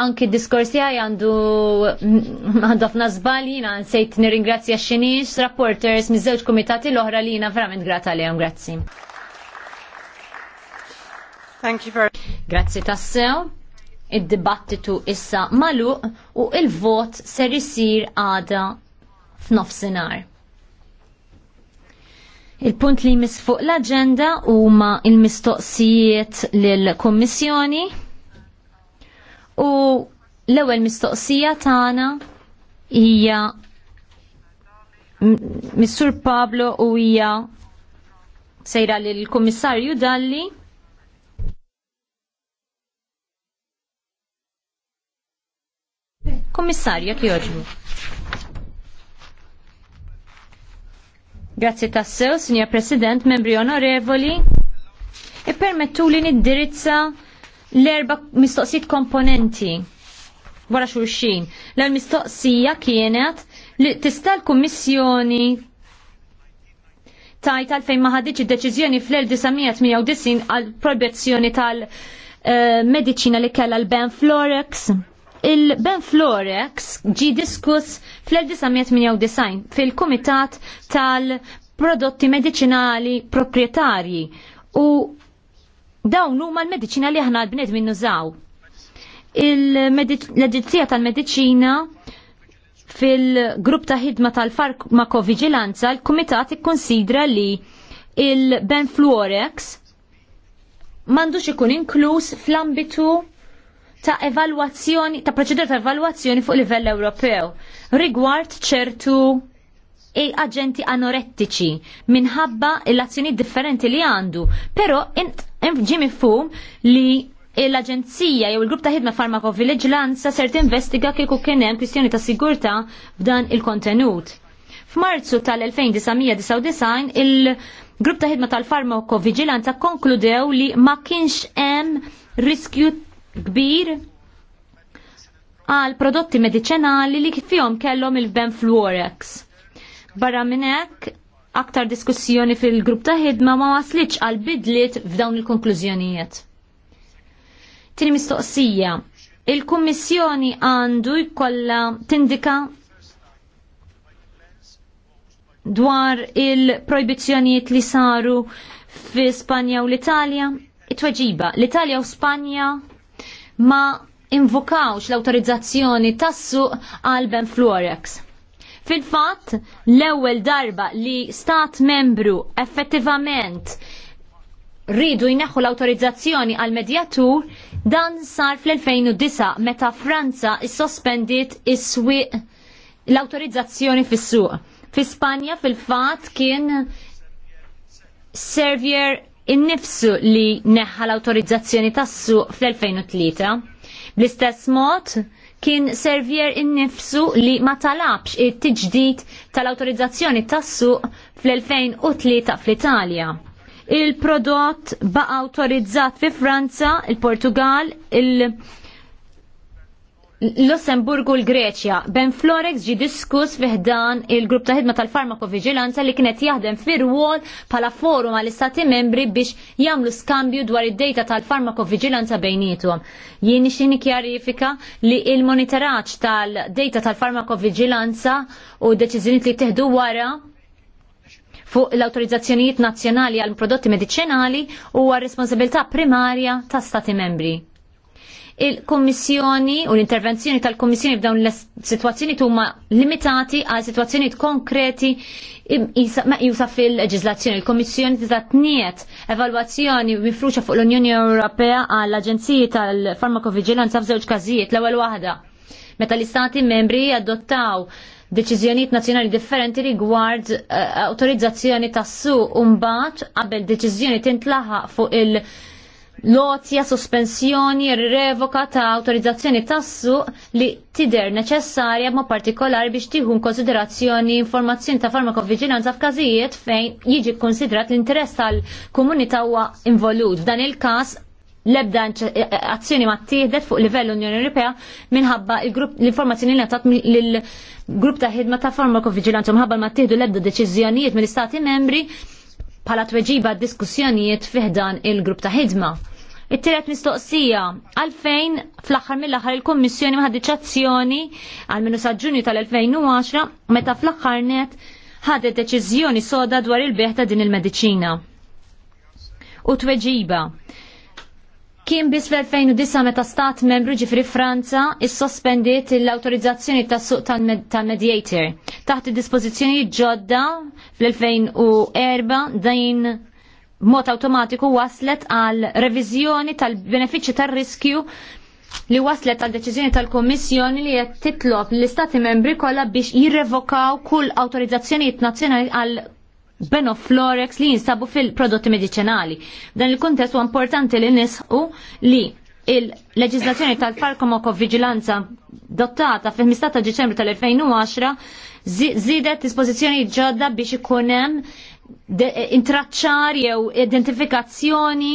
anki diskorsi għaj għandu għandu għafna jina nsejt nir-ingrazzja xinix rapporters mizzewġ komitati l-oħra li jina verament grata li grazzi. Thank you very Grazzi tassew. Id-dibattitu issa malu u il-vot ser isir għada f'nofsinhar. Il-punt li jmiss fuq l-agenda huma il-mistoqsijiet lill-Kummissjoni U l-ewwel mistoqsija tagħna hija Missur Pablo u hija sejra lill kummissarju Dalli. Kommissarja jogħġbu. Grazie tassew, Signor President, membri onorevoli. Ippermettu li niddirizza l-erba mistoqsijiet komponenti wara xulxin. L-mistoqsija kienet li tista' l-Kummissjoni tajt għalfejn maħadiċ id-deċizjoni fl-1998 għal proibizzjoni tal-medicina eh, li kella l Florex. il Florex ġi diskus fl-1998 fil-Kumitat tal-Prodotti Medicinali Proprietarji u Dawn huma l-mediċina li aħna l-bnedmin nużaw. l aġenzija tal-Mediċina fil-grupp ta' ħidma tal-farmakovigilanza l-Kumitat ikkonsidra li il-Benfluorex m'għandux ikun inkluż fl-ambitu ta' evalwazzjoni, ta' proċedura ta' evalwazzjoni fuq livell Ewropew rigward ċertu e agenti anorettiċi minħabba l-azzjoni differenti li għandu, pero int ġim mifhum li l-Aġenzija jew il-Grupp ta' Ħidma Farmakovigilanza ser tinvestiga kieku kien hemm kwistjoni ta' sigurtà f'dan il-kontenut. F'Marzu tal-1999 il-Grupp ta' Ħidma tal-Farmakovigilanza konkludew li ma kienx hemm riskju kbir għal prodotti medicinali li fihom kellhom il-benfluorex. Barra hekk aktar diskussjoni fil-grupp ta' ħidma ma waslitx għal bidliet f'dawn il-konklużjonijiet. Tini mistoqsija, il-Kummissjoni għandu jkollha tindika dwar il-projbizzjonijiet li saru fi Spanja u l-Italja? It-tweġiba, l-Italja u Spanja ma invokawx l-autorizzazzjoni tassu għal Ben Fluorex Fil-fatt, l-ewwel darba li stat membru effettivament rridu jneħħu l-autorizzazzjoni għal medjatur dan sar fl-2009 meta Franza is-sospendiet is-swieq l-autorizzazzjoni fis-suq. Fi Spanja fil-fatt kien Servier innifsu li neħħa l-autorizzazzjoni tas-suq fl-2003. Bl-istess mod, kien servier innifsu li ma talabx it-tiġdid tal-autorizzazzjoni tas-suq fl-2003 fl-Italja. Il-prodott ba' autorizzat fi Franza, il-Portugal, il-Portugal, Lussemburgu l-Greċja. Ben Florex ġi diskus fiħdan il-grupp ta' ħidma tal-farmakovigilanza li kienet jaħdem fir-wol pala forum għal istati membri biex jamlu skambju dwar id-data tal-farmakovigilanza bejnietom. Jien xini kjarifika li il-monitoraċ tal-data tal-farmakovigilanza u deċizjoniet li teħdu wara fuq l-autorizzazzjonijiet nazzjonali għal prodotti medicinali u għal responsabilità primarja ta' stati membri il-Kommissjoni u l-intervenzjoni tal-Kommissjoni b'dawn l-situazzjoni huma limitati għal situazzjoni konkreti jusa fil-leġizlazzjoni. Il-Kommissjoni tista' tniet evalwazzjoni mifruċa fuq l-Unjoni Ewropea għall aġenziji tal-Farmakovigilanza f'żewġ każijiet l-ewwel waħda. Meta l-istati membri adottaw deċiżjonijiet nazzjonali differenti rigward uh, autorizzazzjoni tas-suq u mbagħad qabel deċiżjoni tintlaħaq fuq il- lotja, sospensjoni, revoka ta' autorizzazzjoni tassu li tider neċessarja ma' partikolari biex tieħu konsiderazzjoni informazzjoni ta' farmakovigilanza f'każijiet fejn jiġi konsiderat l-interess tal-komunità huwa involut. F'dan il-każ l-ebda eh, eh, azzjoni ma tieħdet fuq livell Unjoni Ewropea minħabba l-informazzjoni li għatat lill-grupp ta' ħidma ta' farmakovigilanza minħabba ma tieħdu l-ebda deċiżjonijiet mill-Istati membri bħala tweġiba diskussjonijiet fiħdan il-grupp ta' ħidma it tiret mistoqsija, għalfejn fl-aħħar mill-aħħar il-Kommissjoni maħadiċ azzjoni għal minu sa'ġunju ġunju tal-2010 meta fl-aħħar net ħadet deċiżjoni soda dwar il-beħ ta' din il-mediċina. U tweġiba. Kien bis fl-2009 meta stat membru ġifri Franza is-sospendiet l-autorizzazzjoni ta' suq tal-mediator. Taħt id dispozizjoni ġodda fl-2004 dajn mod automatiku waslet għal reviżjoni tal-benefiċċji tar-riskju li waslet għal deċiżjoni tal-Kommissjoni li qed titlob l-Istati membri kollha biex jirrevokaw kull awtorizzazzjonijiet nazzjonali għal benoflorex li jinsabu fil-prodotti medicinali. Dan il-kuntest huwa importanti li nisqu li il-leġislazzjoni tal-farkomoko vigilanza dotata fil-15 ta' Deċembru tal-2010 zidet dispożizzjoni ġodda biex ikun hemm intraċċar jew identifikazzjoni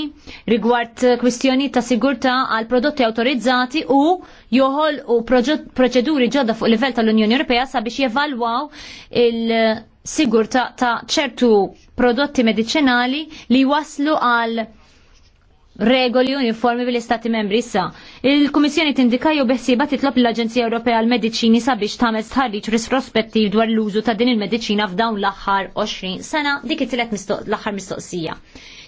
rigward kwistjoni ta' sigurtà għal prodotti autorizzati u joħol u proċeduri ġodda fuq livell tal-Unjoni Ewropea sabiex jevalwaw il-sigurtà ta' ċertu prodotti medicinali li waslu għal regoli uniformi bil-Istati membri issa. Il-Kummissjoni tindika jew beħsieba titlob l-Aġenzija Ewropea għal mediċini sabiex tagħmel tħarriġ risprospettiv dwar l-użu ta' din il-mediċina f'dawn l-aħħar 20 sena dik it-tielet l-aħħar mistoqsija.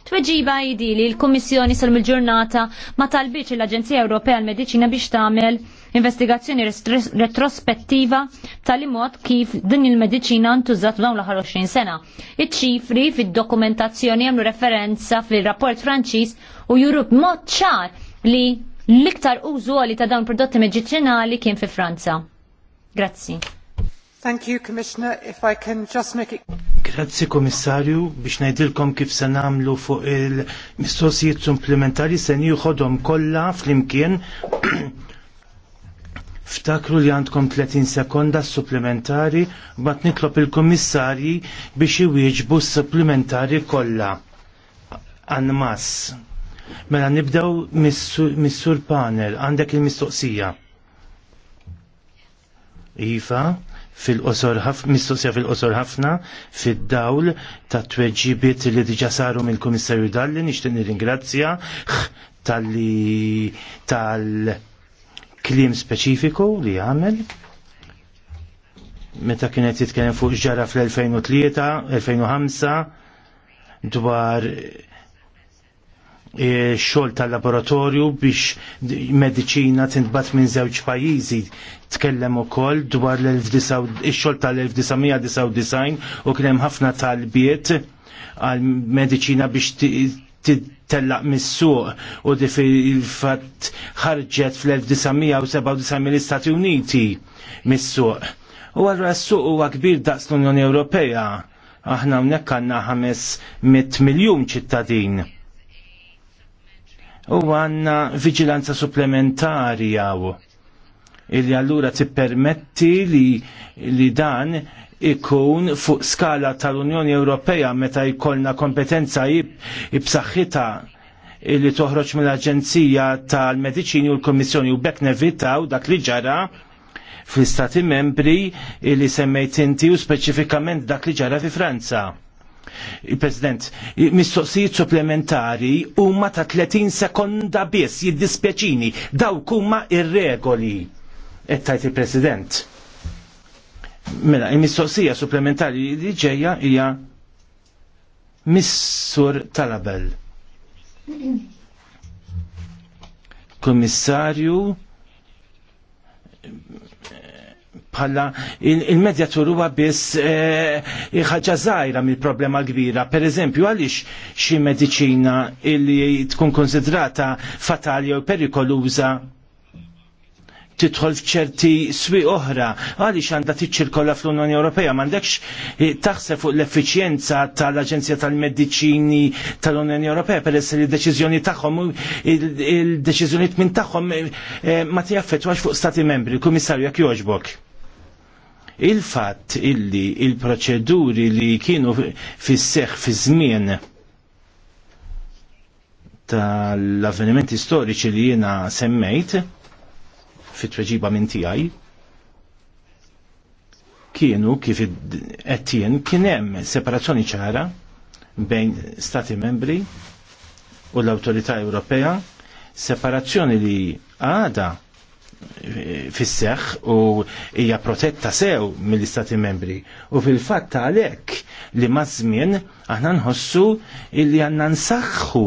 Tweġiba jidi li l-Kommissjoni sal ġurnata ma talbiċ l-Aġenzija Ewropea għal medicina biex tagħmel investigazzjoni retrospettiva tal imot kif din il-mediċina ntużat dawn l-aħħar 20 sena. Iċ-ċifri fid-dokumentazzjoni għamlu referenza fil-rapport Franċiż u Europe mod ċar li l-iktar użu għali ta' dawn prodotti medicinali kien fi Franza. Grazzi. Thank you, Commissioner. If I can just make it... Komissarju, biex najdilkom kif se namlu fuq il-mistoqsijiet supplementari se nieħodhom kollha flimkien. Ftakru li għandkom 30 sekonda supplementari, bat nitlob il-Komissarji biex iwieġbu supplementari kollha. Anmas. Mela nibdew mis-sur panel, għandek il-mistoqsija. Iva fil-qosor mistoqsija fil-qosor ħafna fid-dawl ta' tweġibiet li diġa saru mill-Kummissarju Dalli nixtieq nirringrazzja tal-li tal-klim speċifiku li għamel meta kienet jitkellem fuq ġara fl-2003, 2005 dwar E, xogħol tal-laboratorju biex mediċina tintbat minn żewġ pajjiżi. Tkellem ukoll dwar l-xogħol tal-1999 u kien hemm ħafna talbiet għal mediċina biex titellaq mis-suq u di fil fat ħarġet fl-1997 mill-Istati Uniti mis-suq. U għarra s-suq huwa kbir daqs l-Unjoni Ewropea. Aħna hawnhekk għandna 500 mit miljun ċittadin u għanna vigilanza supplementari għaw illi allura tippermetti li, li dan ikun fuq skala tal-Unjoni Ewropea meta jkollna kompetenza ibsaħħita li toħroġ mill-Aġenzija tal-Mediċini u l-Kommissjoni u bekk nevitaw dak li ġara fl-istati membri li semmejt inti u speċifikament dak li ġara fi Franza. Il-Pident, President, mistoqsijiet supplementari huma ta' 30 sekonda biss jiddispjaċini dawk huma ir-regoli. Qed il-President. Mela, il-mistoqsija supplementari li ġejja hija Missur Talabel. Kommissarju bħalla il-medjatur huwa biss eh, ħaġa żgħira mill-problema kbira. Per eżempju, għaliex xi mediċina li tkun konsidrata fatali jew perikoluża titħol f'ċerti swi oħra, għaliex għandha tiċċirkola fl-Unjoni Ewropea, m'għandekx eh, taħseb fuq l-effiċjenza tal-Aġenzja tal-Mediċini tal-Unjoni Ewropea per li deċiżjoni tagħhom il-deċiżjonijiet minn tagħhom eh, ma tiaffettwax fuq stati membri, kummissarju jak jogħġbok il-fatt illi il-proċeduri li kienu fis fi żmien tal-avvenimenti storiċi li jiena semmejt fit-tweġiba minn tiegħi kienu kif qed kien hemm separazzjoni ċara bejn stati membri u l-Awtorità Ewropea separazzjoni li għada fisseħ u hija protetta sew mill-Istati membri. U fil-fatt għalhekk li mażmien aħna nħossu li għanna nsaxħu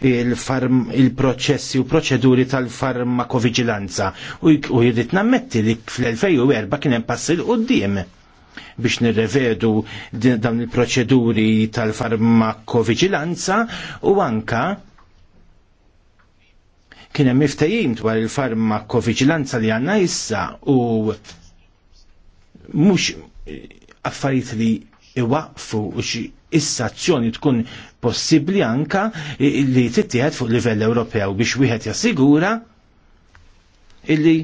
il-proċessi il u proċeduri tal-farmakovigilanza u jirrit nammetti li fl-2004 kien hemm passi l qoddim biex nirrevedu dawn il-proċeduri tal-farmakovigilanza u anka kien hemm miftajim dwar il-farmakoviġilanza li għandna issa u mhux affarijiet li iwaqfu u xi issa azzjoni tkun possibbli anka li tittieħed fuq livell Ewropew biex wieħed jassigura illi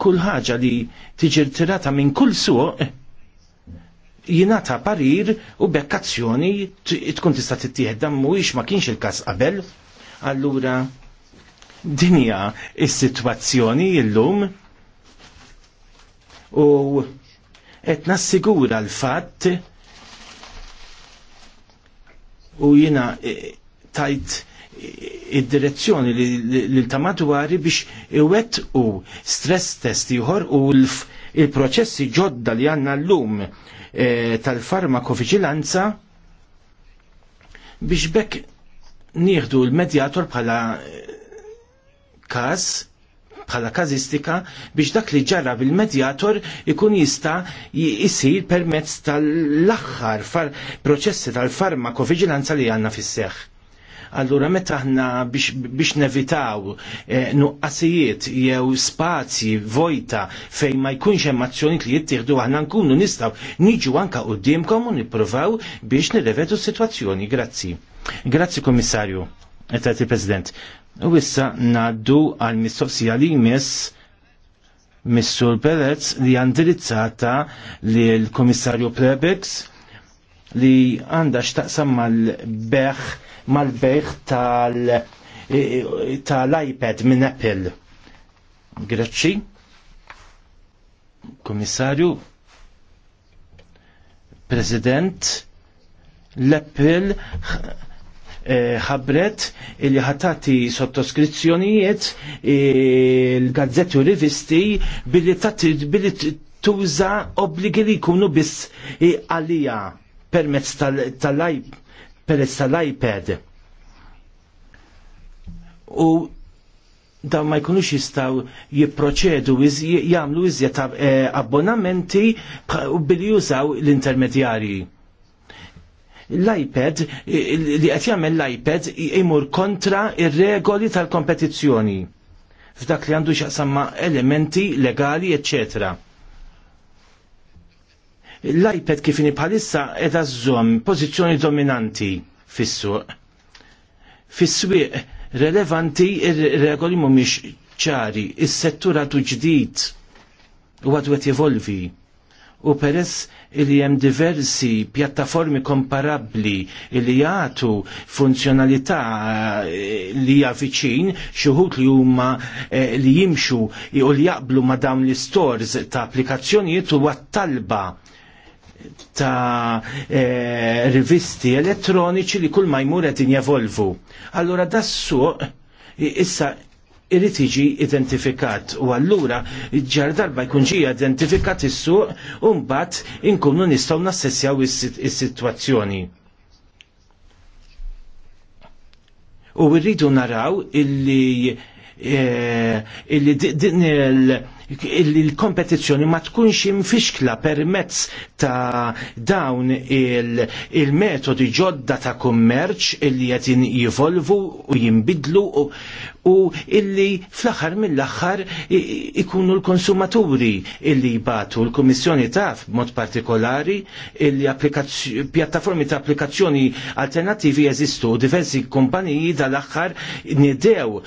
kull ħaġa li tiġi tirata minn kull suq jinata parir u bekkazzjoni tkun tista' tittieħed dan mhuwiex ma kienx il-każ qabel. Allura Dinja is-sitwazzjoni illum u qed nassigura l-fatt u jina e, tajt e, id-direzzjoni li l-tamatwari biex iwet u stress test jħor u il-proċessi ġodda li għanna l-lum e, tal-farmakofiġilanza biex bekk nieħdu l-medjator bħala każ bħala kazistika biex dak li ġara bil-medjator ikun jista jisir permezz tal-axħar proċessi tal farmako vigilanza li għanna fis-seħ. Allura meta aħna biex, biex nevitaw eh, nuqqasijiet jew spazji vojta fejn ma jkunx hemm azzjonijiet li jittieħdu aħna nkunu nistgħu niġu anka qudiemkom u nippruvaw biex nirrevedu s-sitwazzjoni. Grazzi. Grazzi Kummissarju, qed President. U issa naddu għal mistoqsija li jmiss Missur Perez li għandirizzata li l-Komissarju Prebex li għanda xtaqsam mal-beħ mal-beħ e, e, tal-iPad tal minn Apple. Grazzi, Komissarju, President, l-Apple ħabret li ħatati sottoskrizzjonijiet il-gazzetti u rivisti billi tati billi tuża obbligi li jkunu biss eh, għalija permezz tal-iPad. Permezz tal-iPad. U da ma jkunux jistaw jipproċedu jagħmlu iżjed eh, abbonamenti u billi jużaw l-intermedjarji l-iPad, li qed jagħmel l-iPad imur kontra ir-regoli tal-kompetizzjoni f'dak li għandu xaqsamma elementi legali, eccetera l-iPad kifini bħalissa qiegħda żżomm pożizzjoni dominanti fis-suq. Fis-swieq relevanti ir-regoli mhumiex ċari, is-settur għadu ġdid u għadu qed jevolvi u peress li hemm diversi pjattaformi komparabbli li jagħtu funzjonalità eh, li hija viċin xi wħud li huma eh, li jimxu u li jaqblu ma' dawn l-istores ta' applikazzjonijiet huwa talba ta' e, rivisti elettroniċi li kull ma jmur qed injevolvu. Allura das-suq issa irrid jiġi identifikat u allura ġar darba jkun ġi identifikat is-suq u mbagħad inkunu nistgħu nassessjaw is-sitwazzjoni. U rridu naraw illi eh, illi din il- il-kompetizzjoni ma tkunx imfixkla permezz ta' dawn il-metodi ġodda ta' kummerċ illi qed jivolvu u jinbidlu u illi fl-aħħar mill-aħħar ikunu l-konsumaturi illi jibatu l-Kummissjoni taf mod partikolari illi pjattaformi ta' applikazzjoni alternattivi jeżistu diversi kumpaniji dal-aħħar nidew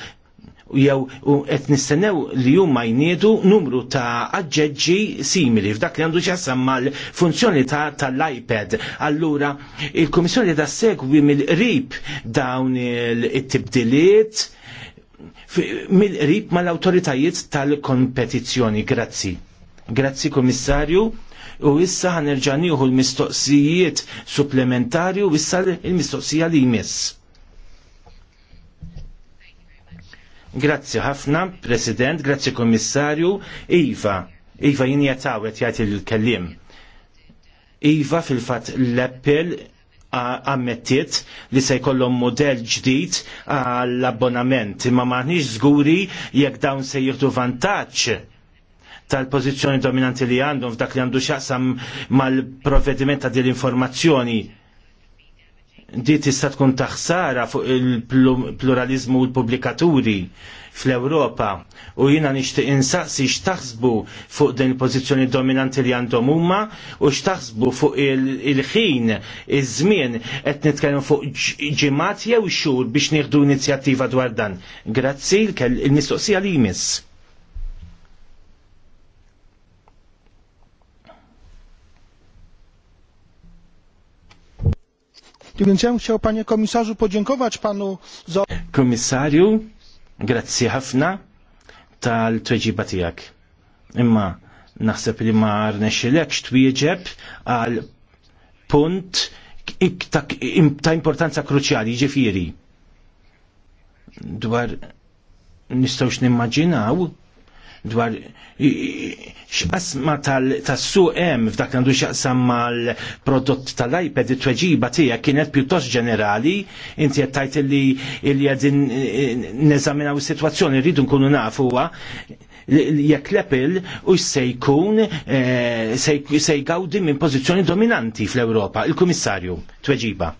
jew qed nistennew li huma jniedu numru ta' aġġeġġi simili f'dak li għandu x'jassam mal-funzjoni tal-iPad. Allura il-Kummissjoni ta' segwi mill-qrib dawn il tibdiliet mill-qrib mal-awtoritajiet tal-kompetizzjoni. Grazzi. Grazzi Kummissarju. U issa ħanerġa nieħu l-mistoqsijiet supplementari u issa l-mistoqsija li jmiss. Grazzi ħafna, President, grazzi Kommissarju, Iva, Iva jini għet jgħati l-kellim. Iva fil-fat l appel ammettiet li se jkollhom model ġdid għall-abbonament imma maħniex żguri jekk dawn se jieħdu vantaġġ tal-pożizzjoni dominanti li għandhom f'dak li għandu xaqsam mal-provvediment ta' din l-informazzjoni di tista' tkun taħsara fuq il-pluralizmu u l-publikaturi fl-Ewropa u jina nixtieq insaqsi x'taħsbu fuq din il-pożizzjoni dominanti li għandhom huma u x'taħsbu fuq il-ħin iż-żmien qed nitkellem fuq ġimgħat jew xhur biex nieħdu inizjattiva dwar dan. Grazzi il-mistoqsija li jmiss. Więc chciał, panie komisarzu, podziękować panu za... grazzi ħafna tal-tweġiba tijak. Imma naħseb li ma rnexilekx twieġeb għal punt ta' importanza kruċjali ġifiri. Dwar nistawx nimmaġinaw dwar x'qasma tas-suq hemm f'dak għandu x'aqsam mal-prodott tal-iPad it-tweġiba tiegħek kienet pjuttost ġenerali, inti qed tajt li li qegħdin eh, eh, neżaminaw is-sitwazzjoni rridu nkunu nafuha jekk l-Apple u se jkun eh, se jgawdi minn pożizzjoni dominanti fl-Ewropa, il-Kummissarju tweġiba.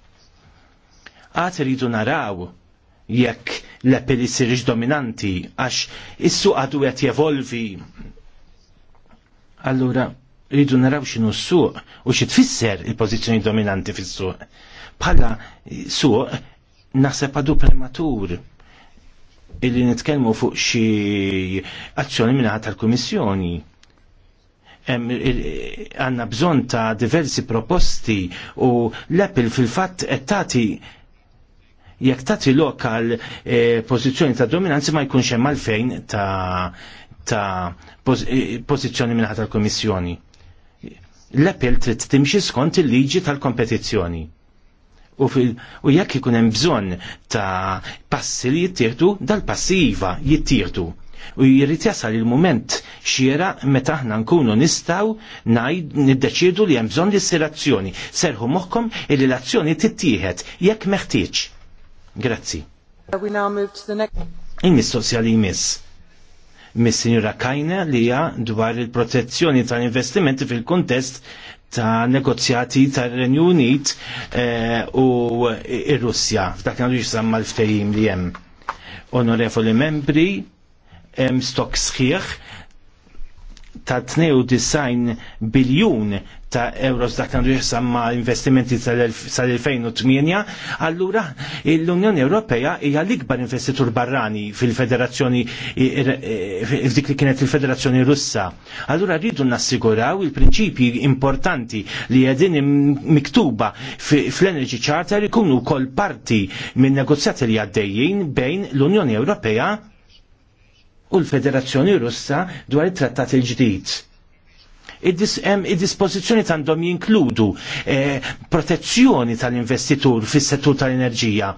Għad rridu naraw jekk l-Apple isirix dominanti għax issu għadu għet jevolvi. Allura, rridu naraw xinu s-suq u xi tfisser il-pożizzjoni dominanti fis-suq. Bħala suq naħseb għadu prematur illi nitkellmu fuq xi azzjoni minnaħat tal-Kummissjoni. Għanna bżon ta' diversi proposti u l-Apple fil-fatt qed tagħti jekk tagħti lokal għal eh, pożizzjoni ta' dominanzi ma jkunx hemm għalfejn ta' ta' eh, pożizzjoni minn tal-Komissjoni. l appell trid timxi skont il-liġi tal-kompetizzjoni. U, u jekk ikun hemm bżonn ta' passi li jittieħdu, dal-passiva jittieħdu. U jirrid jasal il mument xiera meta aħna nkunu nistgħu ngħid niddeċiedu li hemm bżonn l-istirazzjoni. Serħu moħħkom il azzjoni tittieħed jekk meħtieġ Grazzi. Il-mistoqsija li jmiss. Mis-Sinjura Kajna li hija dwar il-protezzjoni tal-investimenti fil-kontest ta' negozjati ta' Renju Unit eh, u russja F'dak għandu jisamma l-ftehim li hemm. Onorevoli membri, hemm stok sħiħ ta' 92 biljun ta' euros dak għandu jessam ma' investimenti sal-2008, allura l-Unjoni Ewropea hija l-ikbar investitur barrani fil-Federazzjoni, f'dik li kienet il-Federazzjoni Russa. Allura rridu nassiguraw il-prinċipji importanti li għedin miktuba fl-Energy Charter ikunu kol parti minn negozjati li għaddejjin bejn l-Unjoni Ewropea u l-Federazzjoni Russa dwar it-trattat il-ġdid. Id-dispożizzjoni tandom jinkludu eh, protezzjoni tal-investitur fis-settur tal-enerġija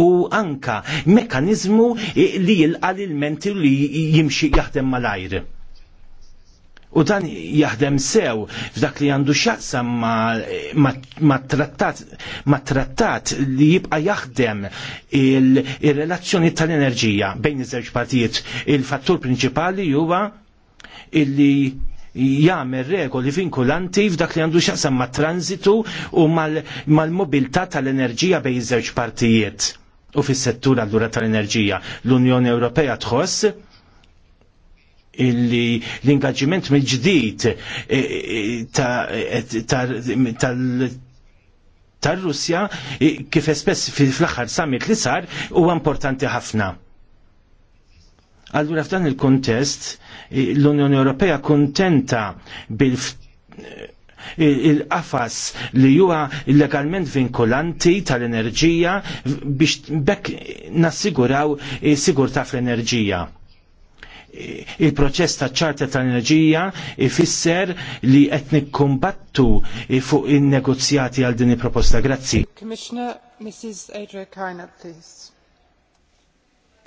u anka mekkaniżmu eh, li jilqal l-menti li jimxi jaħdem mal-ajr. U dan jaħdem sew f'dak li għandu xaqsam ma' trattat ma' trattat li jibqa jaħdem il-relazzjoni tal-enerġija bejn iż-żewġ partijiet. Il-fattur prinċipali huwa illi jagħmel regoli vinkulanti f'dak li għandu xaqsam ma' transitu u mal-mobilità tal-enerġija bejn iż-żewġ partijiet. U fis-settur allura tal-enerġija l-Unjoni Ewropea tħoss illi l-ingaġġiment mill-ġdid e, e, tal-Russja e, kif espess fl-aħħar summit li sar huwa importanti ħafna. Allura f'dan il-kontest l-Unjoni Ewropea kontenta bil il-qafas li huwa legalment vinkolanti tal-enerġija biex bekk nassiguraw sigurta fl-enerġija il-proċess ta' ċarta tal-enerġija ifisser li qed nikkumbattu fuq in-negozjati għal din il-proposta. Grazzi. Commissioner Mrs. Adria please.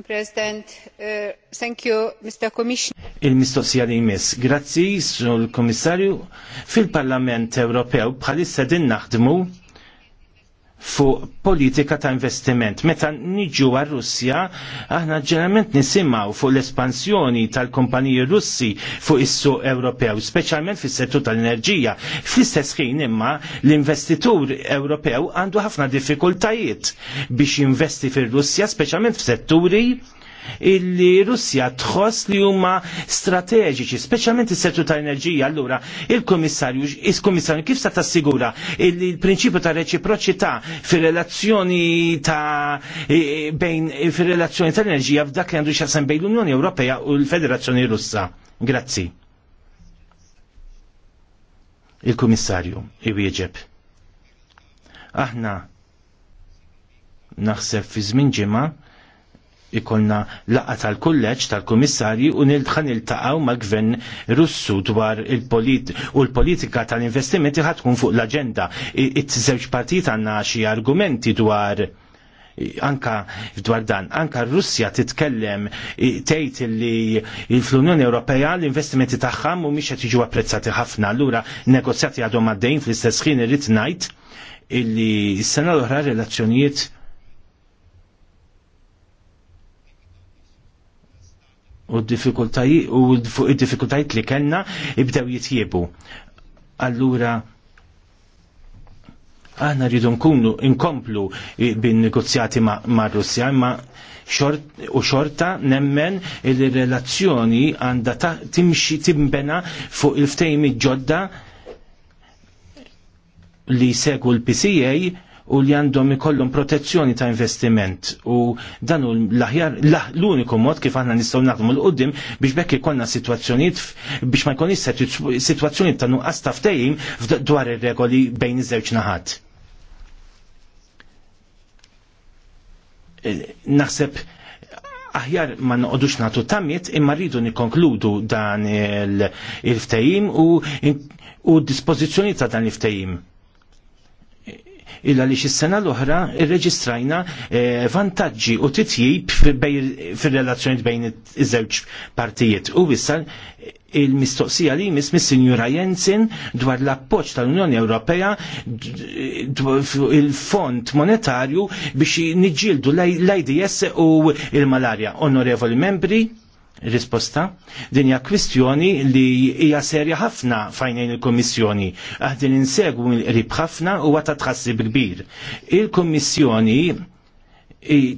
President, uh, thank you, Mr. Commissioner. Il-mistoqsija li jmiss. Grazzi, sul-Komissarju. Fil-Parlament Ewropew bħalissa din naħdmu fuq politika ta' investiment. Meta niġu għal Russja, aħna ġeneralment nisimaw fuq l-espansjoni tal-kompaniji Russi fuq is-suq Ewropew, speċjalment fis settu tal-enerġija. Fl-istess ħin imma l-investitur Ewropew għandu ħafna diffikultajiet biex jinvesti fir-Russja, speċjalment f'setturi illi Russja tħoss li huma strateġiċi, speċjalment is-settur tal-enerġija. Allura, il-Kummissarju, is-Kummissarju kif sa tassigura illi l-prinċipju ta' reċiproċità fir-relazzjoni ta' e, e, bejn e, fir-relazzjoni tal-enerġija f'dak li għandu x'għasem bejn l-Unjoni Ewropea u l-Federazzjoni Russa. Grazzi. Il-Kummissarju, iwieġeb. Aħna naħseb fi żmien ġimgħa ikolna laqa tal-kulleġġ tal komissarji u il-taqaw mal-gvern Russu dwar il-polit u l-politika tal-investimenti ħad tkun fuq l-aġenda. It-żewġ partit għandna xi argumenti dwar anka dwar dan, anka Russja titkellem tgħid li fl-Unjoni Ewropea l-investimenti tagħha mhumiex qed jiġu apprezzati ħafna. Allura negozjati għadhom għaddejn fl-istess ħin irid ngħid illi s-sena l-oħra relazzjonijiet u d difikultajiet u id-diffikultajiet li kellna ibdew jitjiebu. Allura aħna rridu nkunu inkomplu bin negozjati ma', ma Russja, imma xort, u xorta nemmen il-relazzjoni għanda ta' timxi timbena fuq il-ftejmi ġodda li segu l-PCA u li għandhom ikollhom protezzjoni ta' investiment u dan hu l-aħjar l-uniku mod kif aħna nistgħu naħdmu l qudiem biex bekk ikollna sitwazzjonijiet biex ma jkunx sitwazzjonijiet ta' nuqqas ta' ftehim dwar ir-regoli bejn iż-żewġ naħat. Eh, naħseb aħjar ma noqodux natu tamiet imma rridu nikonkludu dan il ftehim u, u dispozizjoni ta' dan il-ftajim illa li xissena sena l-oħra irreġistrajna eh, vantaġġi u titjib fir-relazzjoni bejn iż-żewġ partijiet. U wissal eh, il-mistoqsija li mis mis signora Jensen dwar l-appoċ tal-Unjoni Ewropea il-Fond Monetarju biex niġġieldu l-IDS u il malaria Onorevoli membri, risposta. Din hija kwistjoni li hija serja ħafna fajnejn il-Kommissjoni. Aħdin insegwu l-qrib ħafna u ta' tħassib kbir. Il-Kommissjoni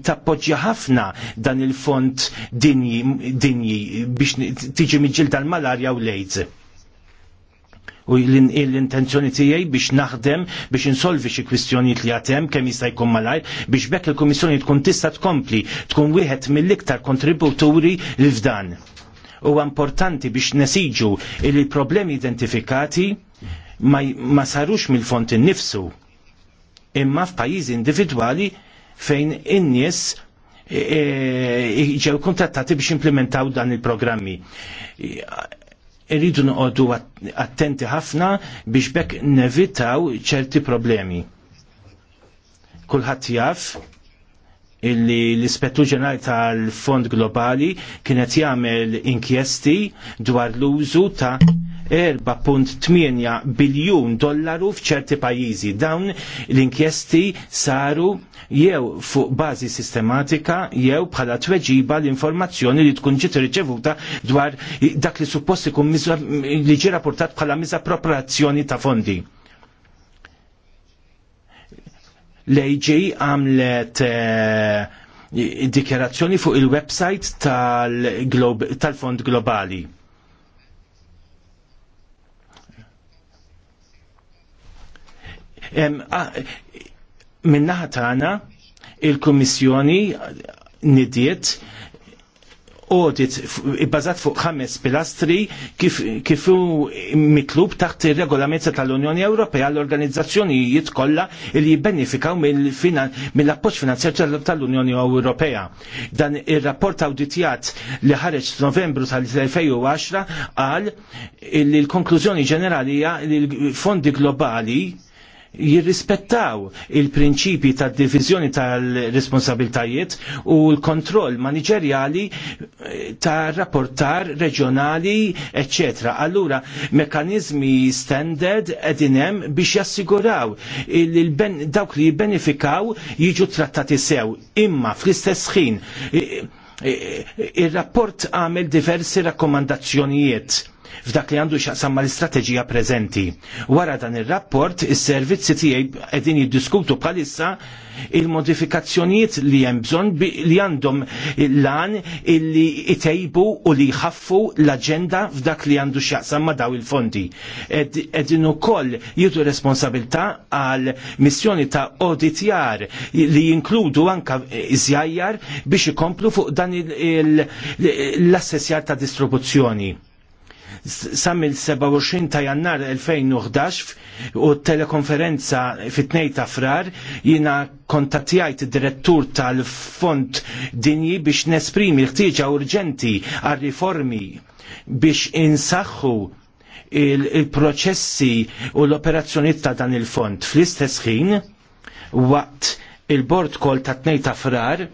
tappoġġja ħafna dan il-font dinji, dinji biex tiġi miġġil tal-malarja u l-AIDS u l-intenzjoni tiegħi biex naħdem biex insolvi xi kwistjonijiet li għatem kemm jista' jkun malajr biex bekk il-Kummissjoni tkun tista' tkompli tkun wieħed mill-iktar kontributuri li f'dan. Huwa importanti biex nesiġu il problemi identifikati ma, ma sarux mill-font innifsu imma f'pajjiżi individwali fejn in-nies e, e, ġew kuntattati biex implementaw dan il-programmi irridu noqogħdu attenti ħafna biex bekk nevitaw ċerti problemi. Kulħadd jaf illi l-Ispettu Ġenerali tal-Fond Globali kienet jagħmel inkjesti dwar l-użu ta' 4.8 biljun dollaru f'ċerti pajjiżi. Dawn l-inkjesti saru jew fuq bażi sistematika jew bħala tweġiba l-informazzjoni li tkun ġiet riċevuta dwar dak li suppost ikun li ġi rapportat bħala miżappropriazzjoni ta' fondi. Lejġi għamlet eh, dikjerazzjoni fuq il-website tal-Fond tal Globali Minnaħa tagħna il-Kummissjoni nidiet audit bbażat fuq ħames pilastri kif, kif mitlub taħt ir-regolamenti tal-Unjoni Ewropea l-organizzazzjonijiet kollha li jibbenefikaw mill-appoġġ finanzjarju tal-Unjoni Ewropea. Dan ir-rapport awditjat li ħareġ f'Novembru tal-2010 qal li l-konklużjoni ġenerali hija li l-fondi globali jirrispettaw il-prinċipi ta' divizjoni tal-responsabiltajiet u l-kontroll maniġerjali eh, ta' rapportar reġjonali, eccetera. Allura, mekanizmi standard edinem biex jassiguraw dawk li jibbenefikaw jiġu trattati sew. Imma fl-istess ħin, eh, eh, il-rapport għamel diversi rakkomandazzjonijiet f'dak li għandu xaqsam mal istrateġija preżenti. Wara dan ir-rapport, is-servizzi tiegħi qegħdin jiddiskutu bħalissa il-modifikazzjonijiet li hemm bżonn li għandhom lan illi itejbu u li jħaffu l-aġenda f'dak li għandu xaqsam ma daw il-fondi. Qegħdin ukoll jidu responsabilità għal missjoni ta' auditjar li jinkludu anka iżjajjar biex ikomplu fuq dan l-assessjar ta' distribuzzjoni sam il-27 ta' jannar 2011 u telekonferenza fit-2 ta' frar jina kontattijajt id-direttur tal-Fond Dinji biex nesprimi l-ħtieġa urġenti għal riformi biex insaħħu il-proċessi il u l-operazzjoniet ta' dan il-fond. Fl-istess ħin, waqt il-bord kol ta' tnej ta' frar,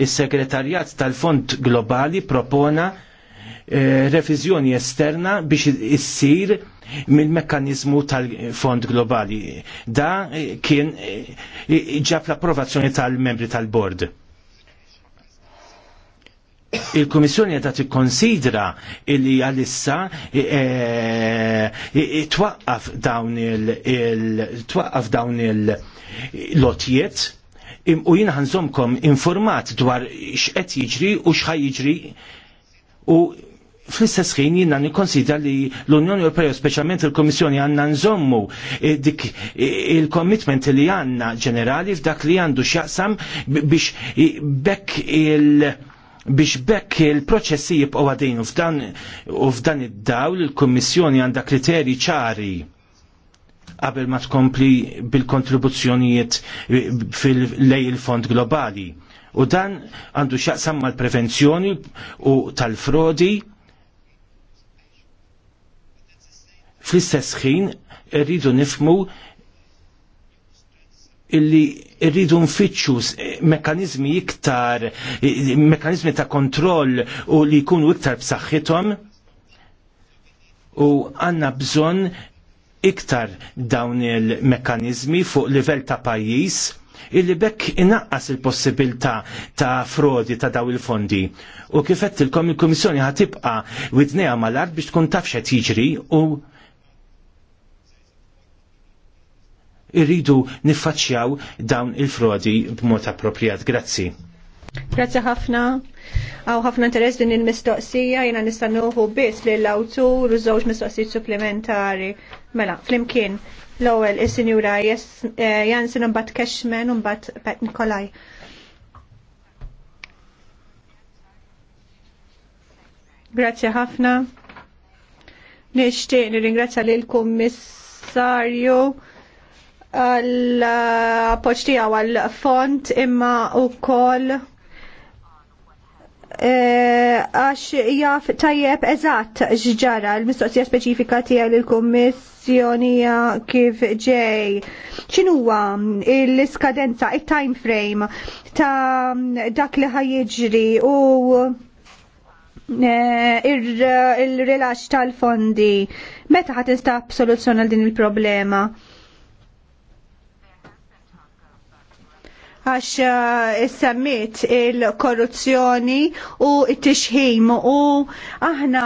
il-segretarjat tal-fond globali propona Eh, reviżjoni esterna biex issir mill-mekkanizmu tal-fond globali. Da eh, kien eh, ġab l-approvazzjoni tal-membri tal-bord. Il-Komissjoni għedha tikkonsidra li għalissa twaqqaf dawn il-twaqqaf dawn il-lotjiet u jina għanżomkom informat dwar x'qed jiġri u x'ħaj jiġri u fl-istess ħin jiena nikkonsidra li l-Unjoni Ewropea speċjalment il komissjoni għandna nżommu eh, dik eh, il-commitment li għandna ġenerali f'dak li għandu x'jaqsam biex eh, bekk il- biex bekk il-proċessi jibqgħu għadin u f'dan id-dawl il-Kummissjoni għandha kriterji ċari qabel ma tkompli bil-kontribuzzjonijiet fil-lej il-fond globali. U dan għandu x'jaqsam mal-prevenzjoni u tal-frodi Fl-istess ħin irridu nifmu illi irridu nfittxu mekanizmi iktar, mekanizmi ta' kontroll u li jkunu iktar b'saħħithom u għanna bżonn iktar dawn il mekanizmi fuq livell ta' pajjiż illi bekk inaqqas il-possibilità ta' frodi ta' daw il-fondi. U kifett il il-Komissjoni ħatibqa widnejha mal-art biex tkun taf xed jiġri u irridu niffaċċjaw dawn il-frodi b'mod appropriat. Grazzi. Grazzi ħafna. Għaw ħafna interess din il-mistoqsija jena nistannuħu biss li l-awtur u żewġ mistoqsijiet supplementari. Mela, flimkien, l-ewwel is-sinjura eh, Jansen mbagħad Cashman u mbagħad Pat Nikolaj. Grazzi ħafna. Nixtieq nirringrazzja lill-Kummissarju l-appoċ tiegħu għall-font imma wkoll e, għax jaf tajjeb eżatt ġġara l-mistoqsija speċifika tiegħi l kummissjonija kif ġej. X'inhuwa l-iskadenza, il time frame ta' dak li ħajġri u e, il relax tal-fondi. Meta ħat instab soluzzjoni għal din il-problema? għax eh, semmit il-korruzzjoni u t tixħim u aħna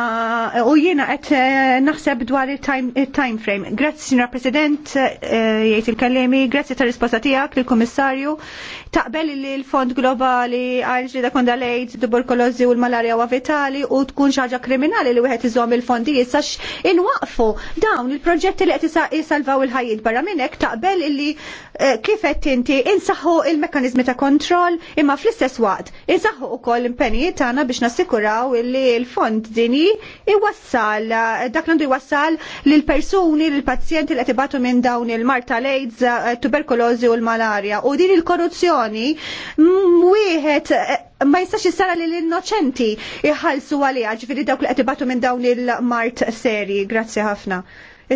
u jiena qed eh, naħseb dwar il-time frame. Grazzi, Signor President, eh, jgħid il-kallemi, grazzi ta' risposta tiegħek il kummissarju Taqbel li l-Fond Globali għal ġrida konda lejt tuberkulozi u l-malarja u vitali u tkun xaġa kriminali li wieħed iżom il-fondi sax inwaqfu dawn il-proġetti li qed jisalvaw il-ħajjit barra minn hekk taqbel illi Eh, kif qed inti insaħħu il-mekkaniżmi ta' kontroll imma fl-istess waqt insaħħu wkoll impenji tagħna biex nassikuraw li l-fond dini iwassal dak għandu jwassal lill persuni l pazjenti li qed ibatu minn dawn il-marta l-AIDS, eh, u l-malarja u din il-korruzzjoni wieħed eh, ma jistax jissara li l-innoċenti iħalsu għalija, ġifiri dawk li għatibatu minn dawn il-mart seri. Grazzi ħafna.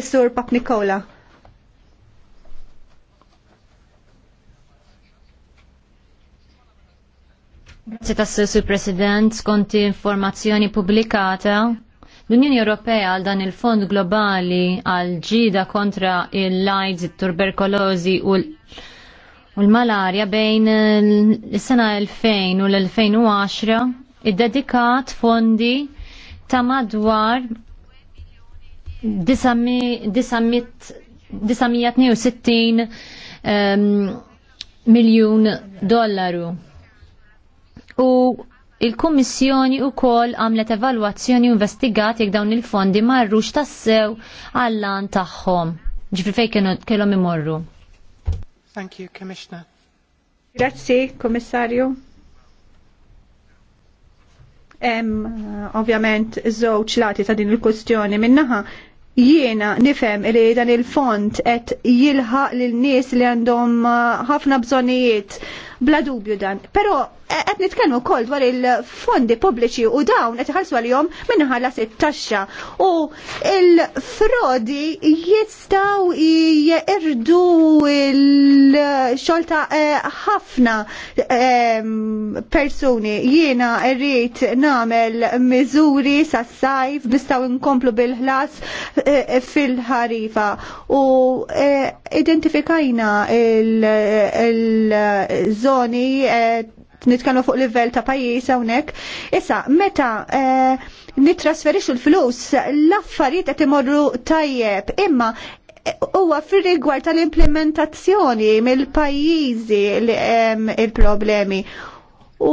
Is-sur Pap Nikola. Grazie tas-Sur President, skonti informazzjoni pubblikata L-Unjoni Ewropea għal dan il-Fond Globali għal ġida kontra il-AIDS, il-tuberkulozi u l-malarja bejn is-sena 2000 u l-2010 id-dedikat fondi ta' madwar 962 um, miljon dollaru u il-Kummissjoni u kol għamlet evalwazzjoni u investigat jek dawn il-fondi marrux tassew għallan taħħom. Ġifri fej kellhom imorru. Thank you, Commissioner. Grazzi, Kommissarju. Em, eh, ovvjament, żewġ lati ta' din il-kustjoni minnaħa jiena nifem li dan il-font qed jilħaq lil nies li għandhom eh, ħafna bżonnijiet bla dubju dan. Pero e, qed nitkellmu wkoll dwar il-fondi pubbliċi u dawn qed iħallsu għalihom minnaħalla sit-taxxa u il-frodi jistgħu jirdu il-xogħol ta' e, ħafna e, persuni. Jiena rrid nagħmel miżuri sas-sajf nistgħu nkomplu bil-ħlas fil-ħarifa u identifikajna il-żoni kwistjoni eh, nitkellmu fuq livell ta' pajjiż hawnhekk. Issa, meta eh, nittrasferixxu l-flus, l-affarijiet qed imorru tajjeb, imma eh, huwa fir-rigward tal-implementazzjoni mill-pajjiżi ehm, il-problemi. U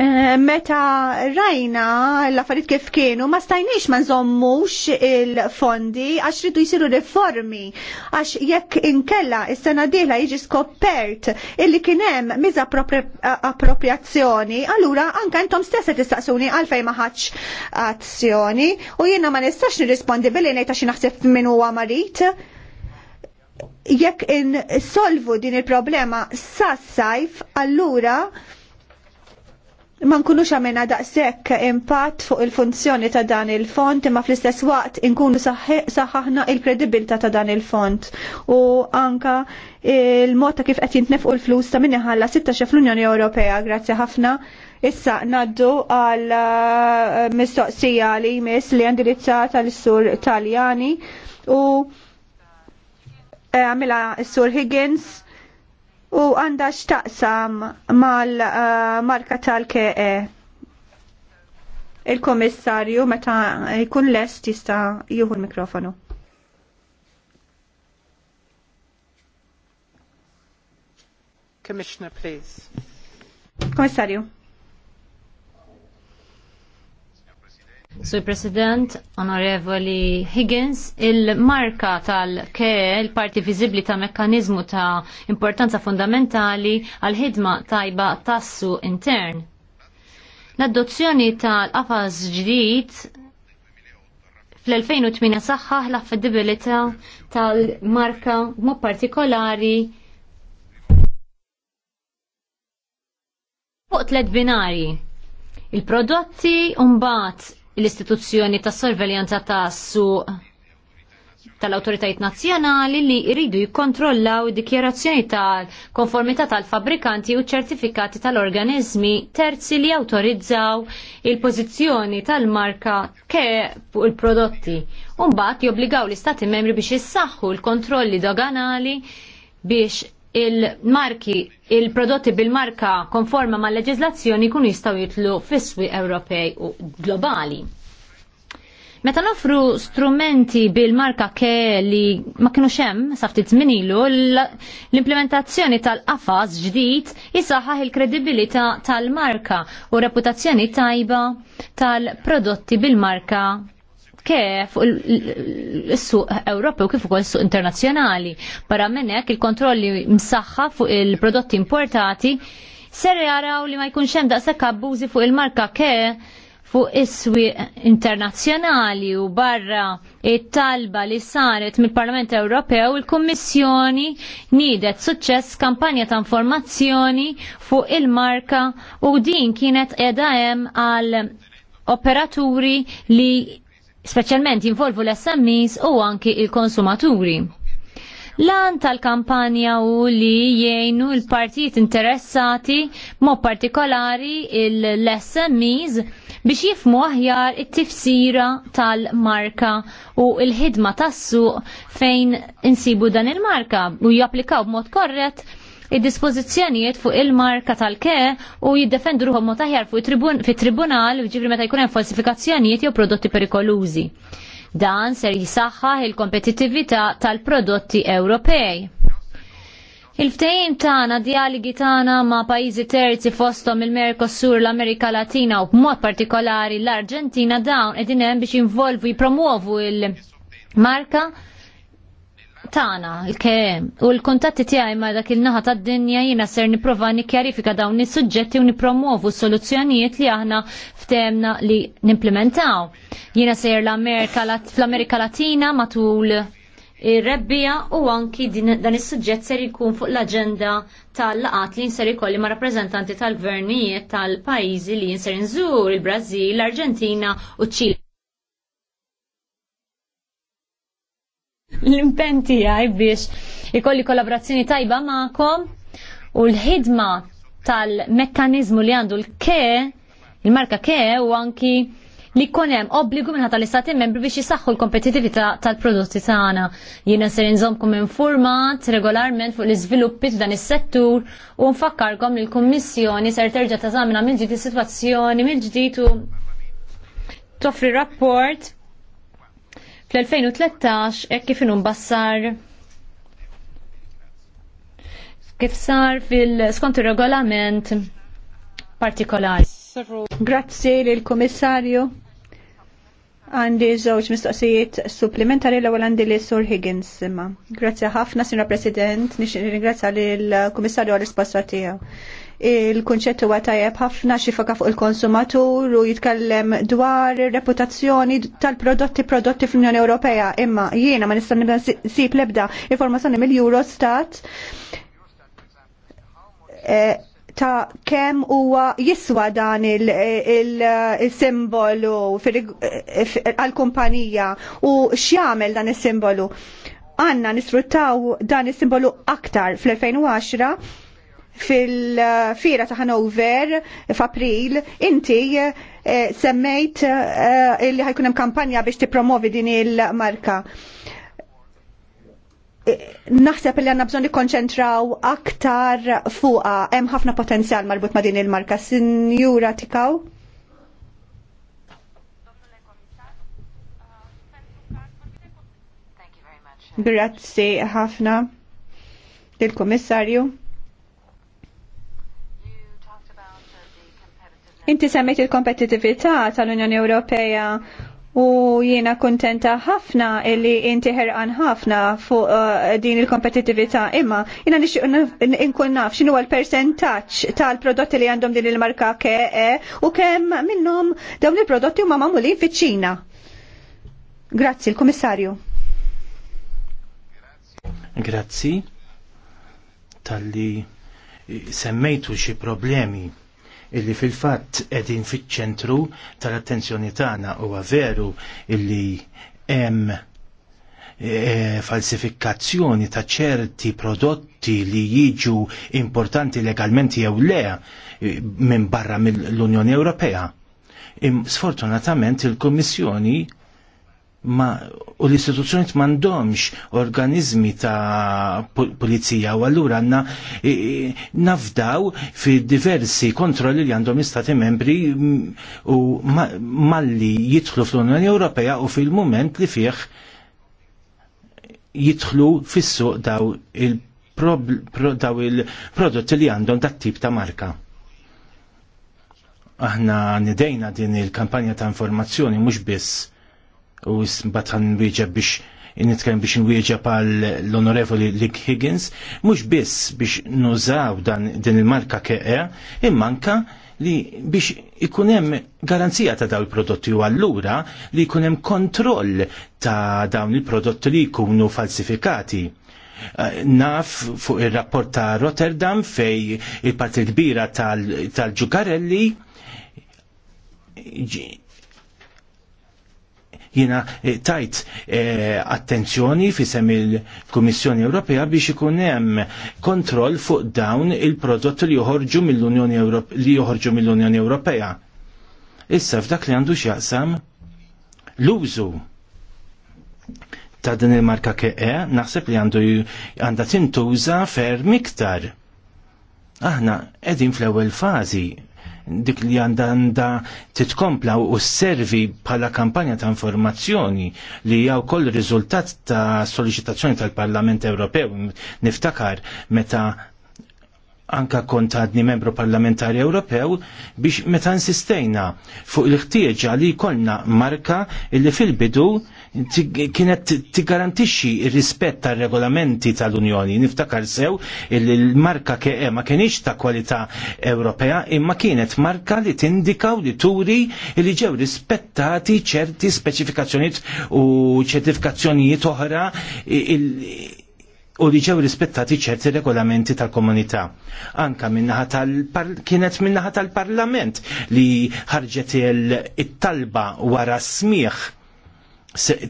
Eh, meta rajna l-affarijiet kif kienu, ma stajniex ma nżommux il-fondi għax ridu jisiru riformi, għax jekk inkella is-sena diħla jiġi skopert illi kien hemm miża appropriazzjoni, allura anke intom stess qed tistaqsuni għalfejn ma ħadx azzjoni u jiena ma nistax nirrispondi billi ngħid għax naħseb min huwa marit jekk insolvu din il-problema sas-sajf, allura ma nkunux għamena daqsek impatt fuq il-funzjoni ta' dan il-font imma fl-istess waqt nkunu saħħaħna il-kredibilta ta' dan il-font u anka il-mod ta' kif qed jintnefqu l-flus ta' minni ħalla sitta xef l-Unjoni Ewropea grazzi ħafna issa naddu għal eh, mistoqsija li jmiss li għandirizzata l-sur Taljani u eh, għamila s-sur Higgins u għandha xtaqsam mal-marka uh, tal-KE. Il-komissarju meta jkun lest jista' jieħu l-mikrofonu. Commissioner, please. Commissario. Sur President, Onorevoli Higgins, il-marka tal-KE, il-parti viżibli ta' mekkanizmu ta' importanza fundamentali għal-ħidma tajba tassu intern. L-adozzjoni tal-qafas ġdid fl-2008 saħħaħ l-affedibilità tal-marka mu partikolari fuq tlet binari il-prodotti un l-istituzzjoni ta' sorveljanza ta' su tal-autoritajiet nazzjonali li jridu jikkontrollaw dikjerazzjoni tal-konformità tal-fabrikanti u ċertifikati tal-organizmi terzi li autorizzaw il-pożizzjoni tal-marka ke il-prodotti. Umbat jobbligaw l-istati membri biex jissaħħu l-kontrolli doganali biex il-marki, il-prodotti bil-marka konforma ma' leġizlazzjoni kun jistaw jitlu fiswi Ewropej u globali. Meta nofru strumenti bil-marka ke li ma kienu xem saftit zminilu, l-implementazzjoni tal-qafas ġdid jisaħħaħ il-kredibilità tal-marka u reputazzjoni tajba tal-prodotti bil-marka kif is-suq Ewropew kif ukoll is-suq internazzjonali. Para minn hekk il-kontrolli msaħħa fuq il-prodotti importati ser jaraw li ma jkunx hemm daqshekk abbużi fuq il-marka ke fuq is-swieq internazzjonali u barra it-talba li saret mill-Parlament Ewropew il-Kummissjoni niedet suċċess kampanja ta' informazzjoni fuq il-marka u din kienet qiegħda hemm għal operaturi li speċjalment jinvolvu l-SMEs u anki il-konsumaturi. Lan tal-kampanja u li jgħinu l-partijiet interessati mo partikolari l-SMEs biex jifmu aħjar it-tifsira tal-marka u l-ħidma tas-suq fejn insibu dan il-marka u japplikaw b'mod korrett id-dispożizzjonijiet fuq il-marka tal-ke u jiddefendu ruħom mod aħjar fit tribunal ġifri meta jkun hemm falsifikazzjonijiet jew prodotti perikolużi. Dan ser jisaħħaħ il-kompetittività tal-prodotti Ewropej. Il-ftejim tagħna dialigi tagħna ma' pajjiżi terzi fosthom il-Mercosur, l-Amerika Latina u b'mod partikolari l-Arġentina dawn qegħdin hemm biex jinvolvu jipromuovu il-marka tana l kem u l-kontatti tiegħi ma dak il-naħa tad-dinja jiena ser nipprova nikkjarifika dawn is-suġġetti u nipromovu soluzzjonijiet li aħna ftemna li nimplementaw. Jiena ser l-Amerika fl-Amerika Latina matul ir-rebbija u anki dan is-suġġett ser jkun fuq l-aġenda tal-laqat li jinser ikolli ma' rappreżentanti tal-gvernijiet tal-pajjiżi li jinser nżur il-Brażil, l-Arġentina u ċili. l-impenti għaj biex ikolli kollaborazzjoni tajba ma'kom u l-ħidma tal-mekkanizmu li għandu l-ke, il-marka ke u anki li konem obbligu minnħata tal istati membri biex jisaxħu l-kompetitivita tal-prodotti tagħna. Jiena ser inżomkom informat regolarment fuq l-iżviluppi dan is-settur u nfakkarkom li l-Kummissjoni ser terġa' tażamina minn ġdid is-sitwazzjoni mill-ġdid u toffri rapport Fl-2013 hekk kif inhu mbassar kif sar fil-skont ir-regolament partikolari. Grazzi lill komissarju Għandi żewġ mistoqsijiet supplementari l-ewwel għandi li Sur Higgins imma. Grazzi ħafna, Sinra President, nix ringrazzja lill-Kummissarju għall-risposta tiegħu il-kunċett huwa tajjeb ħafna xifoka fuq il-konsumatur u jitkellem dwar ir reputazzjoni tal-prodotti prodotti fl-Unjoni Ewropea imma jiena ma nista' nibda sib lebda informazzjoni mill-Eurostat e, ta' kem huwa jiswa dan il-simbolu e, għal-kumpanija u x'jagħmel dan is-simbolu. Għanna nisfruttaw dan is-simbolu aktar fl-2010 fil-fira ta' Hanover f'April, inti eh, semmejt eh, li ħajkun hemm kampanja biex tippromovi din il-marka. Eh, naħseb li għanna bżon nikkonċentraw aktar fuqa, hemm ħafna potenzjal marbut ma' din il-marka. Sinjura tikaw? Grazzi ħafna. Il-Komissarju. Inti semmejt il-kompetitività tal-Unjoni Ewropea u jiena kuntenta ħafna illi inti ħerqan ħafna fuq eh, din il-kompetitività imma jiena nixtieq inkun naf x'inhu l-persentaġġ tal-prodotti li għandhom din il-marka KE e, u kemm minnhom dawn il-prodotti huma magħmulin fiċ-Ċina. Grazzi, il-Kummissarju. Grazzi tal-li semmejtu xi problemi illi fil-fatt edin fiċ-ċentru tal-attenzjoni tagħna huwa veru illi hemm e, falsifikazzjoni ta' ċerti prodotti li jiġu importanti legalmenti jew le e, minn barra mill-Unjoni Ewropea. Sfortunatament il kummissjoni ma u l t mandomx organizmi ta' pulizija u allura għanna nafdaw fi diversi kontrolli li għandhom istati membri u malli jitħlu fl-Unjoni Ewropea u fil-moment li fih jitħlu fissu daw il-prodotti il li għandhom dat tip ta' marka aħna nidejna din il-kampanja ta' informazzjoni mhux biss u għan wieġeb biex nitkellem biex nwieġeb għal l-Onorevoli Lick Higgins, mhux biss biex nużaw dan din il-marka keqe, immanka li biex ikunem garanzija ta' daw il-prodotti u allura li ikunem kontroll ta' dawn il-prodotti li jkunu falsifikati. Eh, naf fuq il-rapport ta' Rotterdam fej il-parti kbira tal-ġugarelli Jiena eh, tajt eh, attenzjoni fisem il-Kummissjoni Ewropea biex ikun hemm kontroll fuq dawn il-prodotti li joħorġu mill-Unjoni li joħorġu mill-Unjoni Ewropea. Issa f'dak li għandu x'jaqsam l-użu ta' din il-marka KE eh, naħseb li għandu għandha tintuża ferm iktar. Aħna qegħdin fl-ewwel fażi dik li għanda titkompla u s-servi bħala kampanja ta' informazzjoni li jaw koll riżultat ta' solicitazzjoni tal-Parlament Ewropew niftakar meta anka kont għadni membru parlamentari Ewropew biex meta nsistejna fuq il-ħtieġa li jkollna marka illi fil-bidu kienet tigarantixxi ir-rispett tar-regolamenti tal-Unjoni. Niftakar sew illi l-marka KE eh, ma kienx ta' kwalità Ewropea imma kienet marka li tindikaw li turi li ġew rispettati ċerti speċifikazzjonijiet u ċertifikazzjonijiet oħra u li ġew rispettati ċerti regolamenti tal-komunità. Anka minnaħa tal kienet minnaħa tal-parlament li ħarġet il-talba wara smieħ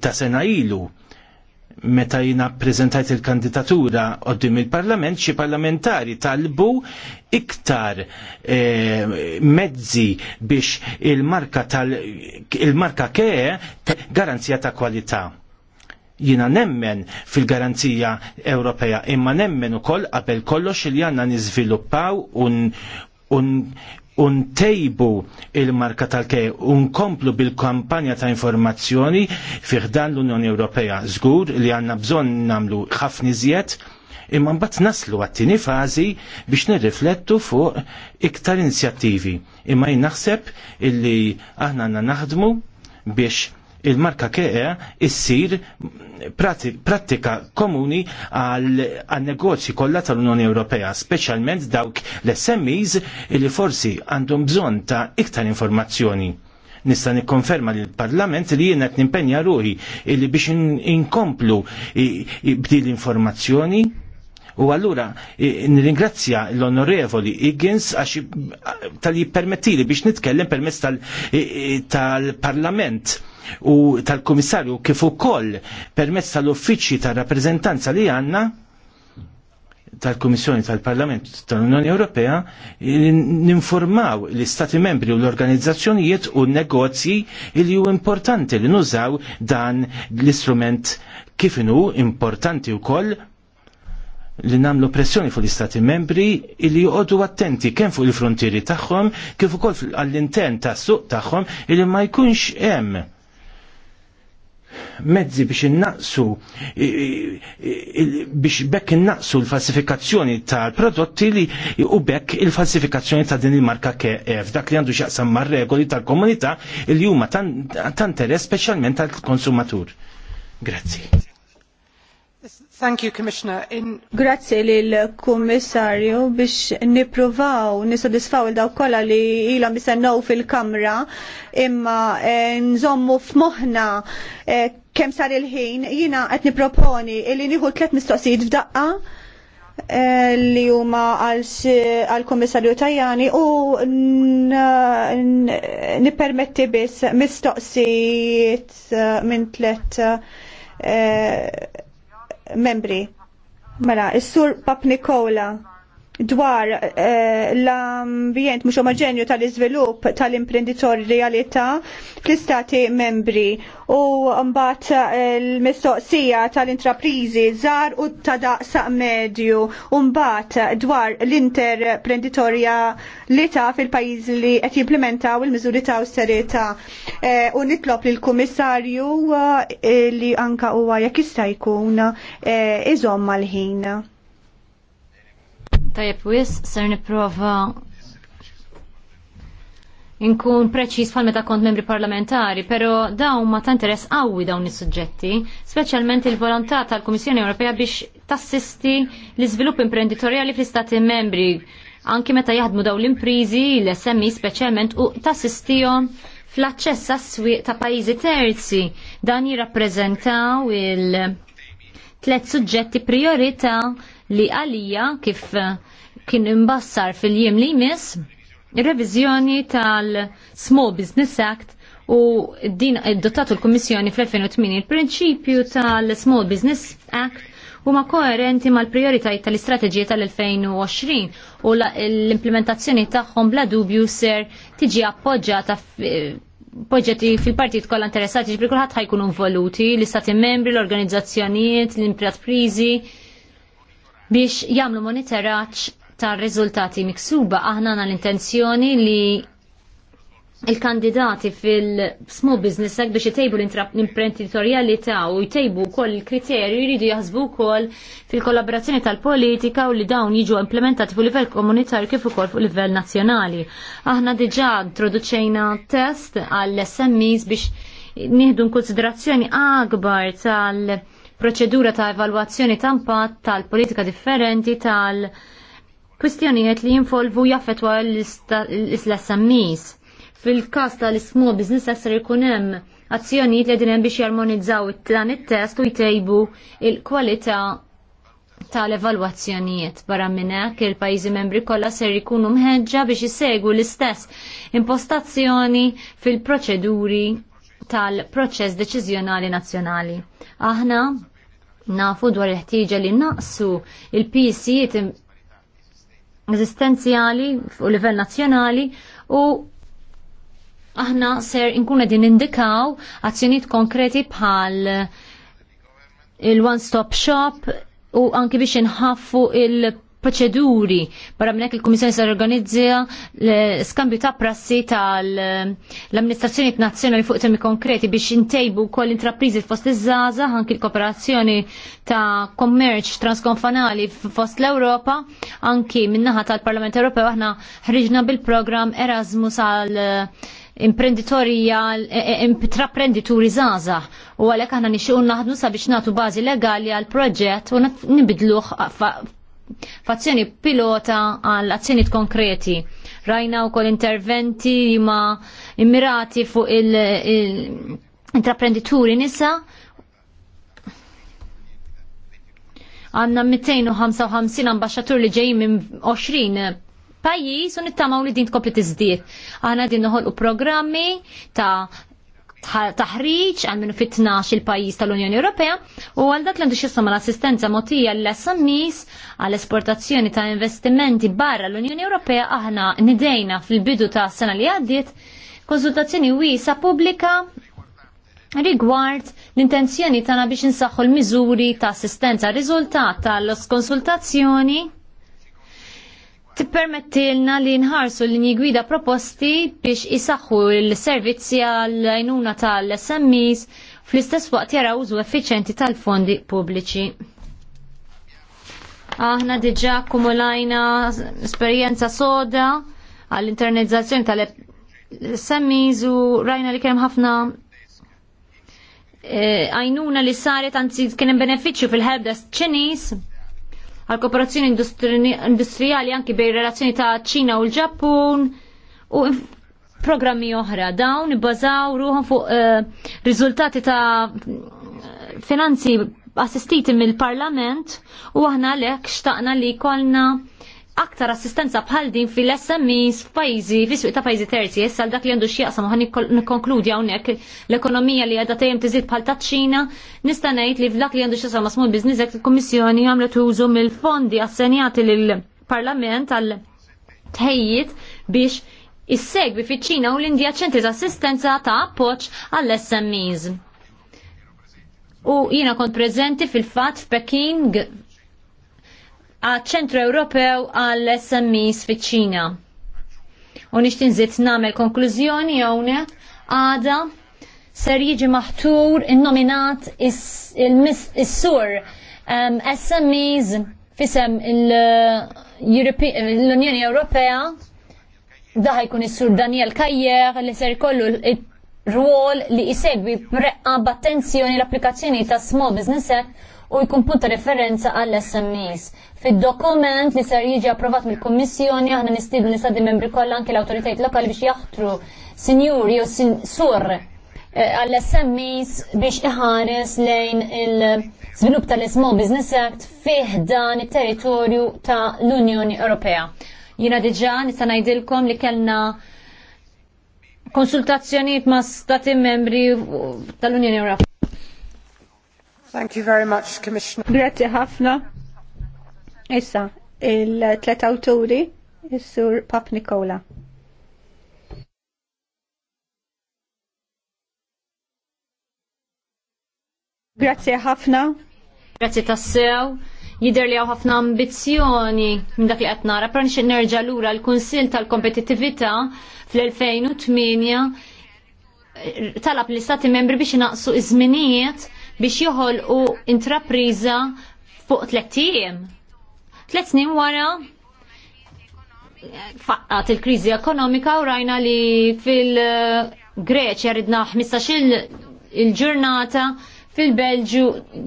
ta' sena ilu meta jina prezentajt il-kandidatura għoddim il-parlament, xi parlamentari talbu iktar e, mezzi biex il-marka tal il-marka ke garanzija ta' kwalità jina nemmen fil-garanzija Ewropea, imma nemmen ukoll qabel kollox li għandna niżviluppaw un, un tejbu il-marka tal-kej, komplu bil-kampanja ta' informazzjoni fiħdan l-Unjoni Ewropea. Zgur li għanna bżon namlu ħafni ziet, imma mbagħad naslu għat-tieni fażi biex nirriflettu fuq iktar inizjattivi. Imma jien naħseb illi aħna għandna naħdmu biex il-marka kea issir prattika komuni għal negozji kollha tal-Unjoni Ewropea, speċjalment dawk l-SMEs li forsi għandhom bżonn ta' iktar informazzjoni. Nista' nikkonferma lill parlament li jien qed nimpenja ruħi li biex inkomplu bdil informazzjoni U allura nirringrazzja l-onorevoli Higgins għax tal-jippermettili biex nitkellem permezz tal-parlament. Tal u tal-Komissarju kif ukoll permezz tal-Uffiċċji tar-Rappreżentanza li għandna tal-Komissjoni tal-Parlament tal-Unjoni Ewropea ninformaw l-Istati membri u l-organizzazzjonijiet u negozji li ju importanti li nużaw dan l-istrument kif inhu importanti wkoll li namlu pressjoni fuq l-Istati membri li joqogħdu attenti kemm fuq il-frontieri tagħhom kif ukoll għall-intern tas-suq tagħhom li ma jkunx hemm mezzi biex innaqsu biex bekk innaqsu l-falsifikazzjoni tal-prodotti li u bekk il-falsifikazzjoni ta' din il-marka KF dak li għandu xaqsam ma' regoli tal-komunità li huma ta' interess specialment tal-konsumatur. Grazie. Thank you, Commissioner. In... Grazie lill-Kummissarju biex nippruvaw nisodisfaw il dawk kollha li ilha jisennew fil-Kamra imma eh, nżommu f'moħħna eh, kemm sar il-ħin jiena qed nipproponi li nieħu tliet mistoqsijiet f'daqqa eh, li huma għal kummissarju Tajani u nippermetti biss mistoqsijiet minn tliet membri. Mela, is-sur Pap Nikola, dwar eh, l-ambjent mhux omogenju tal-iżvilupp tal-imprenditorjalità fl-istati membri u mbagħad eh, l-mistoqsija tal-intrapriżi żgħar u ta' daqsa medju u mbagħad dwar l-interprenditorjalità fil-pajjiżi li qed jimplementaw il-miżuri ta' awsterità eh, u nitlob lill-Kummissarju li anka huwa jekk jista' jkun iżomm mal-ħin. Tajjeb wis, ser niprofa inkun preċis fal meta kont membri parlamentari, pero dawn ma ta' interess qawwi dawn is-suġġetti, speċjalment il-volontà tal-Kummissjoni Ewropea biex tassisti l-iżvilupp imprenditorjali fl-Istati membri, anki meta jaħdmu dawn l-imprizi, l-SMI speċjalment u tassistihom fl-aċċess għas-swieq ta' pajjiżi terzi. Dan jirrappreżentaw il- tlet suġġetti priorità li għalija kif kien imbassar fil-jiem li jmiss revizjoni tal-Small Business Act u din dotatu l-Kommissjoni fl-2008 il-prinċipju tal-Small Business Act huma koerenti mal-prioritajiet tal-istrateġija tal-2020 u l-implementazzjoni tagħhom bla dubju ser tiġi appoġġata poġġetti fil-partit kollha interessati ġbri kulħadd ħajkunu involuti, l-istati membri, l-organizzazzjonijiet, l prizi, biex jagħmlu monitoraċ ta' riżultati miksuba aħna għandna l-intenzjoni li il-kandidati fil-small business għak biex jtejbu l ta' u jtejbu kol il-kriterju jridu jahzbu kol fil-kollaborazzjoni tal-politika u li dawn jiġu implementati fuq livell komunitarju kif ukoll fuq livell nazzjonali. Aħna diġà introduċejna test għall-SMEs biex nieħdu konsiderazzjoni akbar tal- proċedura ta' evalwazzjoni ta' impatt tal-politika differenti tal- kwistjonijiet li jinvolvu jaffetwa l-SMEs. Fil-kas tal-Small Business Sector jkun hemm azzjonijiet li din biex jarmonizzaw dan it-test u jtejbu il-kwalità tal-evalwazzjonijiet barra minn hekk il-pajjiżi membri kollha ser jkunu mħeġġa biex isegwu l-istess impostazzjoni fil-proċeduri tal-proċess deċiżjonali nazzjonali. Aħna nafu dwar il-ħtieġa li naqsu il pc eżistenzjali u livell nazzjonali u aħna ser inkun qegħdin indikaw azzjonijiet konkreti bħal il-one-stop shop u anki biex inħaffu il- proċeduri barra minnek il-Komissjoni se organizza skambju ta' prassi tal-amministrazzjoni nazzjonali fuq temi konkreti biex intejbu kol intraprizi fost iż-żaza anki l-kooperazzjoni ta' kommerċ transkonfanali fost l-Ewropa anki minnaħa tal-Parlament Ewropew aħna ħriġna bil-programm Erasmus għal imprenditorija, intraprendituri zaza u għalek aħna nixuqun naħdmu sabiex natu bazi legali għal proġett u nibidluħ f'azzjoni pilota għal azzjoni konkreti. Rajna wkoll interventi ma immirati fuq il-intraprendituri il nisa għanna 255 ambasċatur li ġej minn 20 pajjiż u nittamaw li din tkopli tiżdied. Għana din noħolqu programmi ta' taħriġ għal minn fit il-pajjiż tal-Unjoni Ewropea u għal dak l-għandu xissam l-assistenza motija l-SMEs għal esportazzjoni ta' investimenti barra l-Unjoni Ewropea aħna nidejna fil-bidu ta' sena li għaddiet konsultazzjoni wisa pubblika rigward l-intenzjoni tagħna biex insaħħu l-miżuri ta' assistenza riżultat tal-konsultazzjoni tippermettilna li nħarsu li gwida proposti biex isaxħu l-servizzi għal-għajnuna tal-SMEs fl-istess waqt jara użu effiċenti tal-fondi pubbliċi. Aħna diġa kumulajna esperjenza soda għall-internetizzazzjoni tal-SMEs u rajna li kemm ħafna eh, għajnuna li saret għanzi kienem beneficju fil-helpdesk ċinis għal kooperazzjoni industrijali anki bej relazzjoni ta' ċina u l-Ġappun u programmi oħra dawn ibbażaw ruħan fuq uh, riżultati ta' finanzi assistiti mill-Parlament u aħna lek xtaqna li kolna aktar assistenza bħal din fil-SMEs f'pajjiżi, fis-suq ta' pajjiżi terzi, issa dak li għandu x'jaqsam ħan nikkonkludi hawnhekk l-ekonomija li għadda tajem tiżid bħal taċ-Ċina, nista' ngħid li f'dak li għandu xieqsam ma' small business act il-Kummissjoni għamlu tużu mill-fondi assenjati lill-Parlament għal tħejjit biex issegwi fiċ-Ċina u l-Indja ċentri ta' assistenza ta' appoġġ għall-SMEs. U jiena kont prezenti fil-fatt f'Peking għal ċentru Ewropew għall SMEs fiċ-Ċina. U nixtin zitt namel konklużjoni hawnhekk għada ser jiġi maħtur innominat is-sur um, SMEs fisem eh, l-Unjoni Ewropea daħi jkun is-sur Daniel Kajjer li ser kollu rwol li jisegwi preqqa b'attenzjoni l-applikazzjoni ta' Small Business Act u jkun punta referenza għall sms Fid-dokument li ser jiġi approvat mill-Kummissjoni aħna nistiedu nistaddi membri kollha anke l-awtoritajiet lokali biex jaħtru sinjuri u sin sur eh, għall smis biex iħares lejn il żvilupp tal-Small Business Act fih dan il-territorju ta' l-Unjoni Ewropea. Jina diġa nista' ngħidilkom li kellna konsultazzjonijiet ma' stati membri tal-Unjoni Ewropea Thank you very much, Commissioner. Grazie ħafna. Issa, il-tlet awturi, il-sur Pap Nikola. Grazie ħafna. Grazie tassew. Jider li ħafna ambizjoni minn dak li qed nara, però nixtieq nerġa' lura l-Kunsill tal-Kompetittività fl-2008 talab l-istati membri biex inaqsu iż-żminijiet biex joħolqu intrapriża fuq tlet Tlet snin wara faqqat il-kriżi ekonomika u rajna li fil-Greċja ridna 15 il-ġurnata fil-Belġu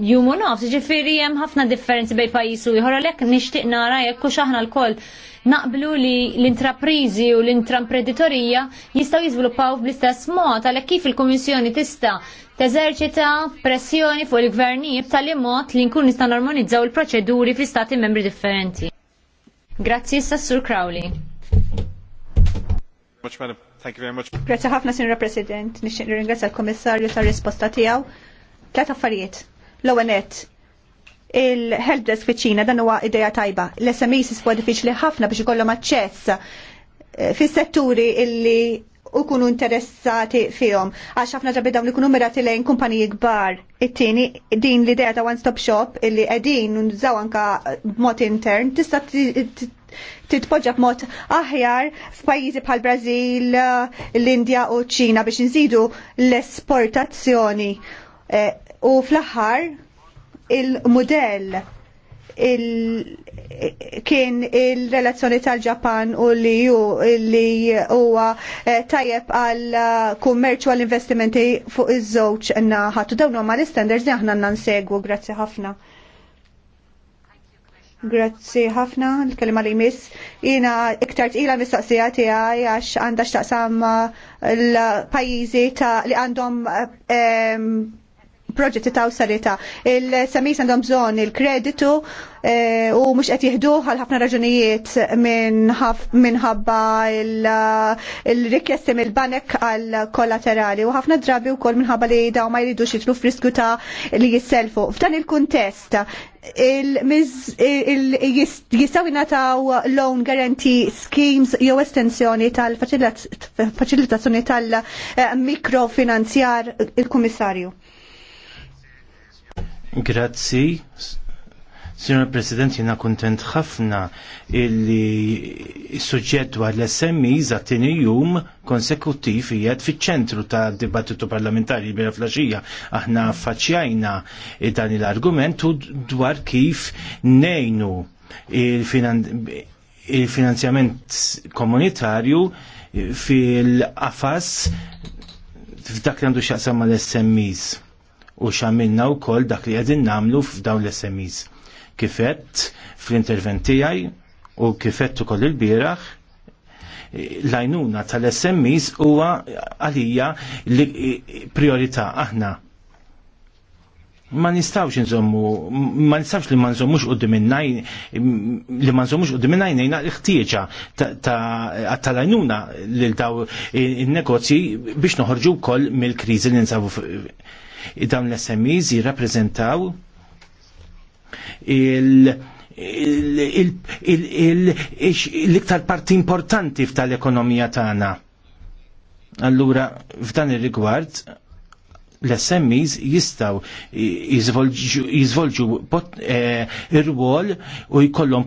jumu nofs, ġifiri jem ħafna differenzi bej pajisu jħorra għalek nishtiq nara jekku xaħna l-koll naqblu li l-intraprizi u l intrapreditorija jistaw jizvilupaw bl-istess mod għalhekk kif il-Kummissjoni tista' teżerċita pressjoni fuq il-gvernijiet tal mod li nkun nista' normalizzaw il-proċeduri fi stati membri differenti. Grazzi Sassur Crowley. Much, madam. Thank you very much. Grazie ħafna, Sinra President. Nixtieq nirringrazzja l-Kummissarju tar-risposta tiegħu. Tlet affarijiet. L-ewwel nett, il-helpdesk fiċina dan huwa ideja tajba. L-SMEs iswa diffiċli ħafna biex ikollhom aċċess eh, fis-setturi illi ukunu interessati fihom. Għax ħafna ġabi dawn ikunu mirati lejn kumpaniji kbar. It-tieni din l-idea ta' one-stop shop illi qegħdin nżaw anka b'mod intern tista' titpoġġa b'mod aħjar f'pajjiżi bħal Brażil, l-Indja u ċ-Ċina biex nżidu l-esportazzjoni. Eh, u fl-aħħar il-modell il kien il-relazzjoni tal-Ġapan u li ju li huwa eh, tajjeb għal kummerċu għal investimenti fuq iż-żewġ naħat. U dawn huma l-istandards li aħna nansegwu, grazzi ħafna. Grazzi ħafna, l-kelma li miss. Jina iktar tqila mistaqsija tiegħi għax għandha x'taqsam l-pajjiżi ta' li għandhom eh, proġetti ta' sarita. Il-semis għandhom bżon il-kreditu eh, u mux qed jihduħ għal ħafna raġunijiet minħabba il-rikjessim il-banek għal kollaterali u ħafna drabi u kol minħabba li daw ma jridux jitlu frisku ta' li jisselfu. F'dan il-kontest jistaw jinataw loan guarantee schemes jew estensjoni tal-facilitazzjoni tal-mikrofinanzjar eh, il-Kummissarju. Grazzi. Signor President, jena kontent ħafna illi suġġett dwar l-SMI zattini jum konsekutiv jgħed fiċ-ċentru ta' dibattitu parlamentari bera flaxija. Aħna faċjajna dan il-argument dwar kif nejnu il-finanzjament komunitarju fil-qafas f'dak li għandu xaqsam mal-SMIs u xamilna u koll dak li għedin namlu f'dawn l-SMEs. Kifett fl-intervent tijaj u kifett u koll il-biraħ lajnuna tal-SMEs huwa għalija li priorità aħna ma nistawx nżommu, ma nistawx li ma nżommux u li ma nżommux u diminnaj nejna l-ħtieċa tal-għajnuna l-daw il-negozji biex noħorġu kol mill-krizi li nsabu dawn l-SMEs jirrappreżentaw l-iktar parti importanti f'tal-ekonomija tagħna. Allura, f'dan ir-rigward, l-SMEs jistaw jizvolġu eh, ir-rwol u jkollhom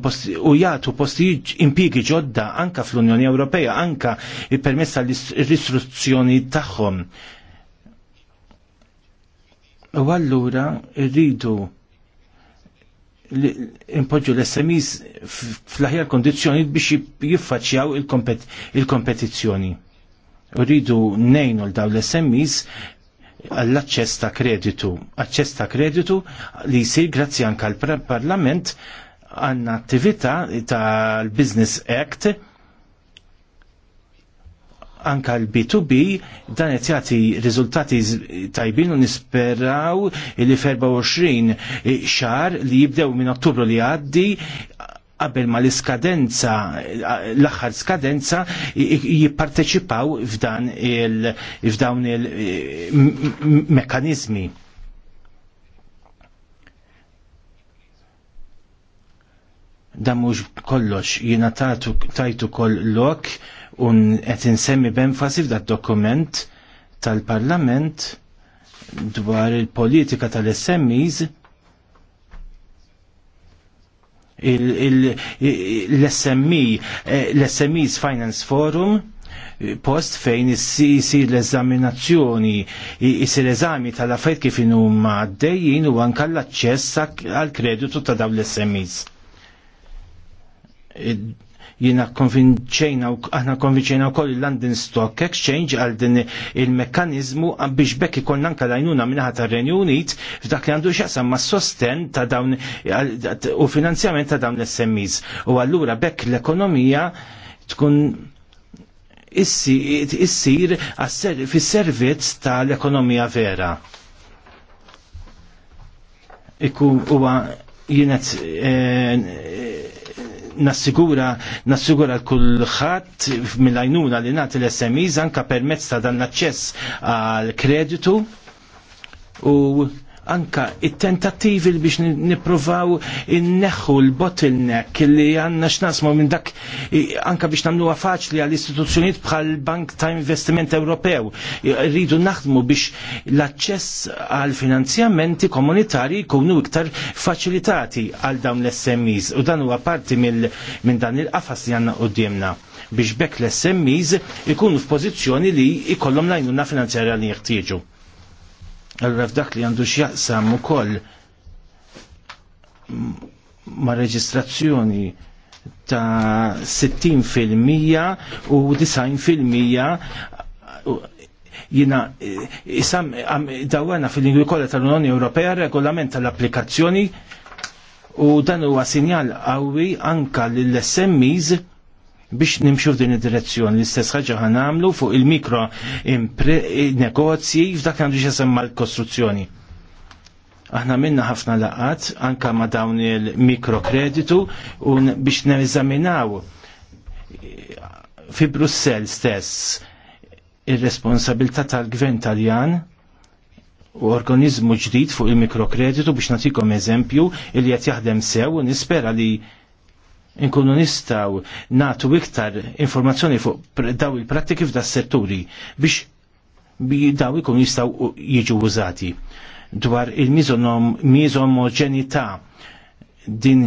u jagħtu postijiet impjiegi ġodda anka fl-Unjoni Ewropea, anka permezz tal-istruzzjoni tagħhom. U allura rridu impoġġu l-SMEs fl-aħjar kondizjoni biex jiffaċċjaw il-kompetizzjoni. U rridu nejnu l-daw l-SMEs għall-aċċess ta' kreditu. Aċċess ta' kreditu li jisir grazzi anka l-Parlament għanna attività tal-Business Act anka l-B2B dan qed jagħti riżultati tajbin u nisperaw li 24 xar li jibdew minn Ottubru li għaddi qabel ma l-iskadenza, l-axar skadenza, jipparteċipaw f'dan il, f'dawn il-mekanizmi. Dan mhux kollox jina tajtu koll lok un qed insemmi b'enfasi f'dat dokument tal-Parlament dwar il-politika tal-SMEs l sme eh, l-SMI's Finance Forum, eh, post fejn jisir l-eżaminazzjoni, jisir eżami tal-affajt kif inu għaddejjin u anka l-access għal kreditu ta' dawn l-SMI's jina konvinċejna u aħna konvinċejna wkoll il-London Stock Exchange għal din il mekanizmu biex bekk ikollna anke lajnuna minnaħa tar-Renju Unit f'dak li għandu x'jaqsam ma' sosten ta' dawn u finanzjament ta' dawn l-SMEs. U allura bekk l-ekonomija tkun issir fis-servizz tal-ekonomija vera. Iku huwa jienet nassigura nassigura ħadd mill-għajnuna li nagħti l-SMEs anke permezz ta' dan l-aċċess għal kreditu u anka it-tentattivi biex niprovaw inneħħu l-bottleneck li għanna x'nasmu minn dak anka biex nagħmluha faċli għall istituzzjonijiet bħal Bank ta' Investiment Ewropew. Rridu naħdmu biex l-aċċess għal finanzjamenti komunitarji jkunu iktar faċilitati għal dawn l-SMEs u dan huwa parti minn dan il-qafas li għandna qudiemna biex bekk l-SMEs ikunu f'pożizzjoni li jkollhom lajnuna finanzjarja li jeħtieġu. Allora f'dak li għandu x'jaqsam ukoll ma' reġistrazzjoni ta' 60% u 90% jina eh, isam dawena fil-lingwi kolla tal-Unjoni Ewropea regolament tal-applikazzjoni u dan huwa sinjal qawwi anka lill-SMEs biex nimxu f'din id-direzzjoni l-istess ħaġa ħanamlu fuq il-mikro negozji f'dak għandu xasemma l-kostruzzjoni. Aħna minna ħafna laqat anka ma dawn il-mikrokreditu u biex neżaminaw fi Brussel stess ir responsabilta tal-gvern taljan u organizmu ġdid fuq il-mikrokreditu biex natikom eżempju il-li jaħdem sew u nispera li Inkunu nistaw natu iktar informazzjoni fuq daw il-prattiki f'da s setturi biex bi daw ikun jistaw jiġu użati dwar il mizomogenita din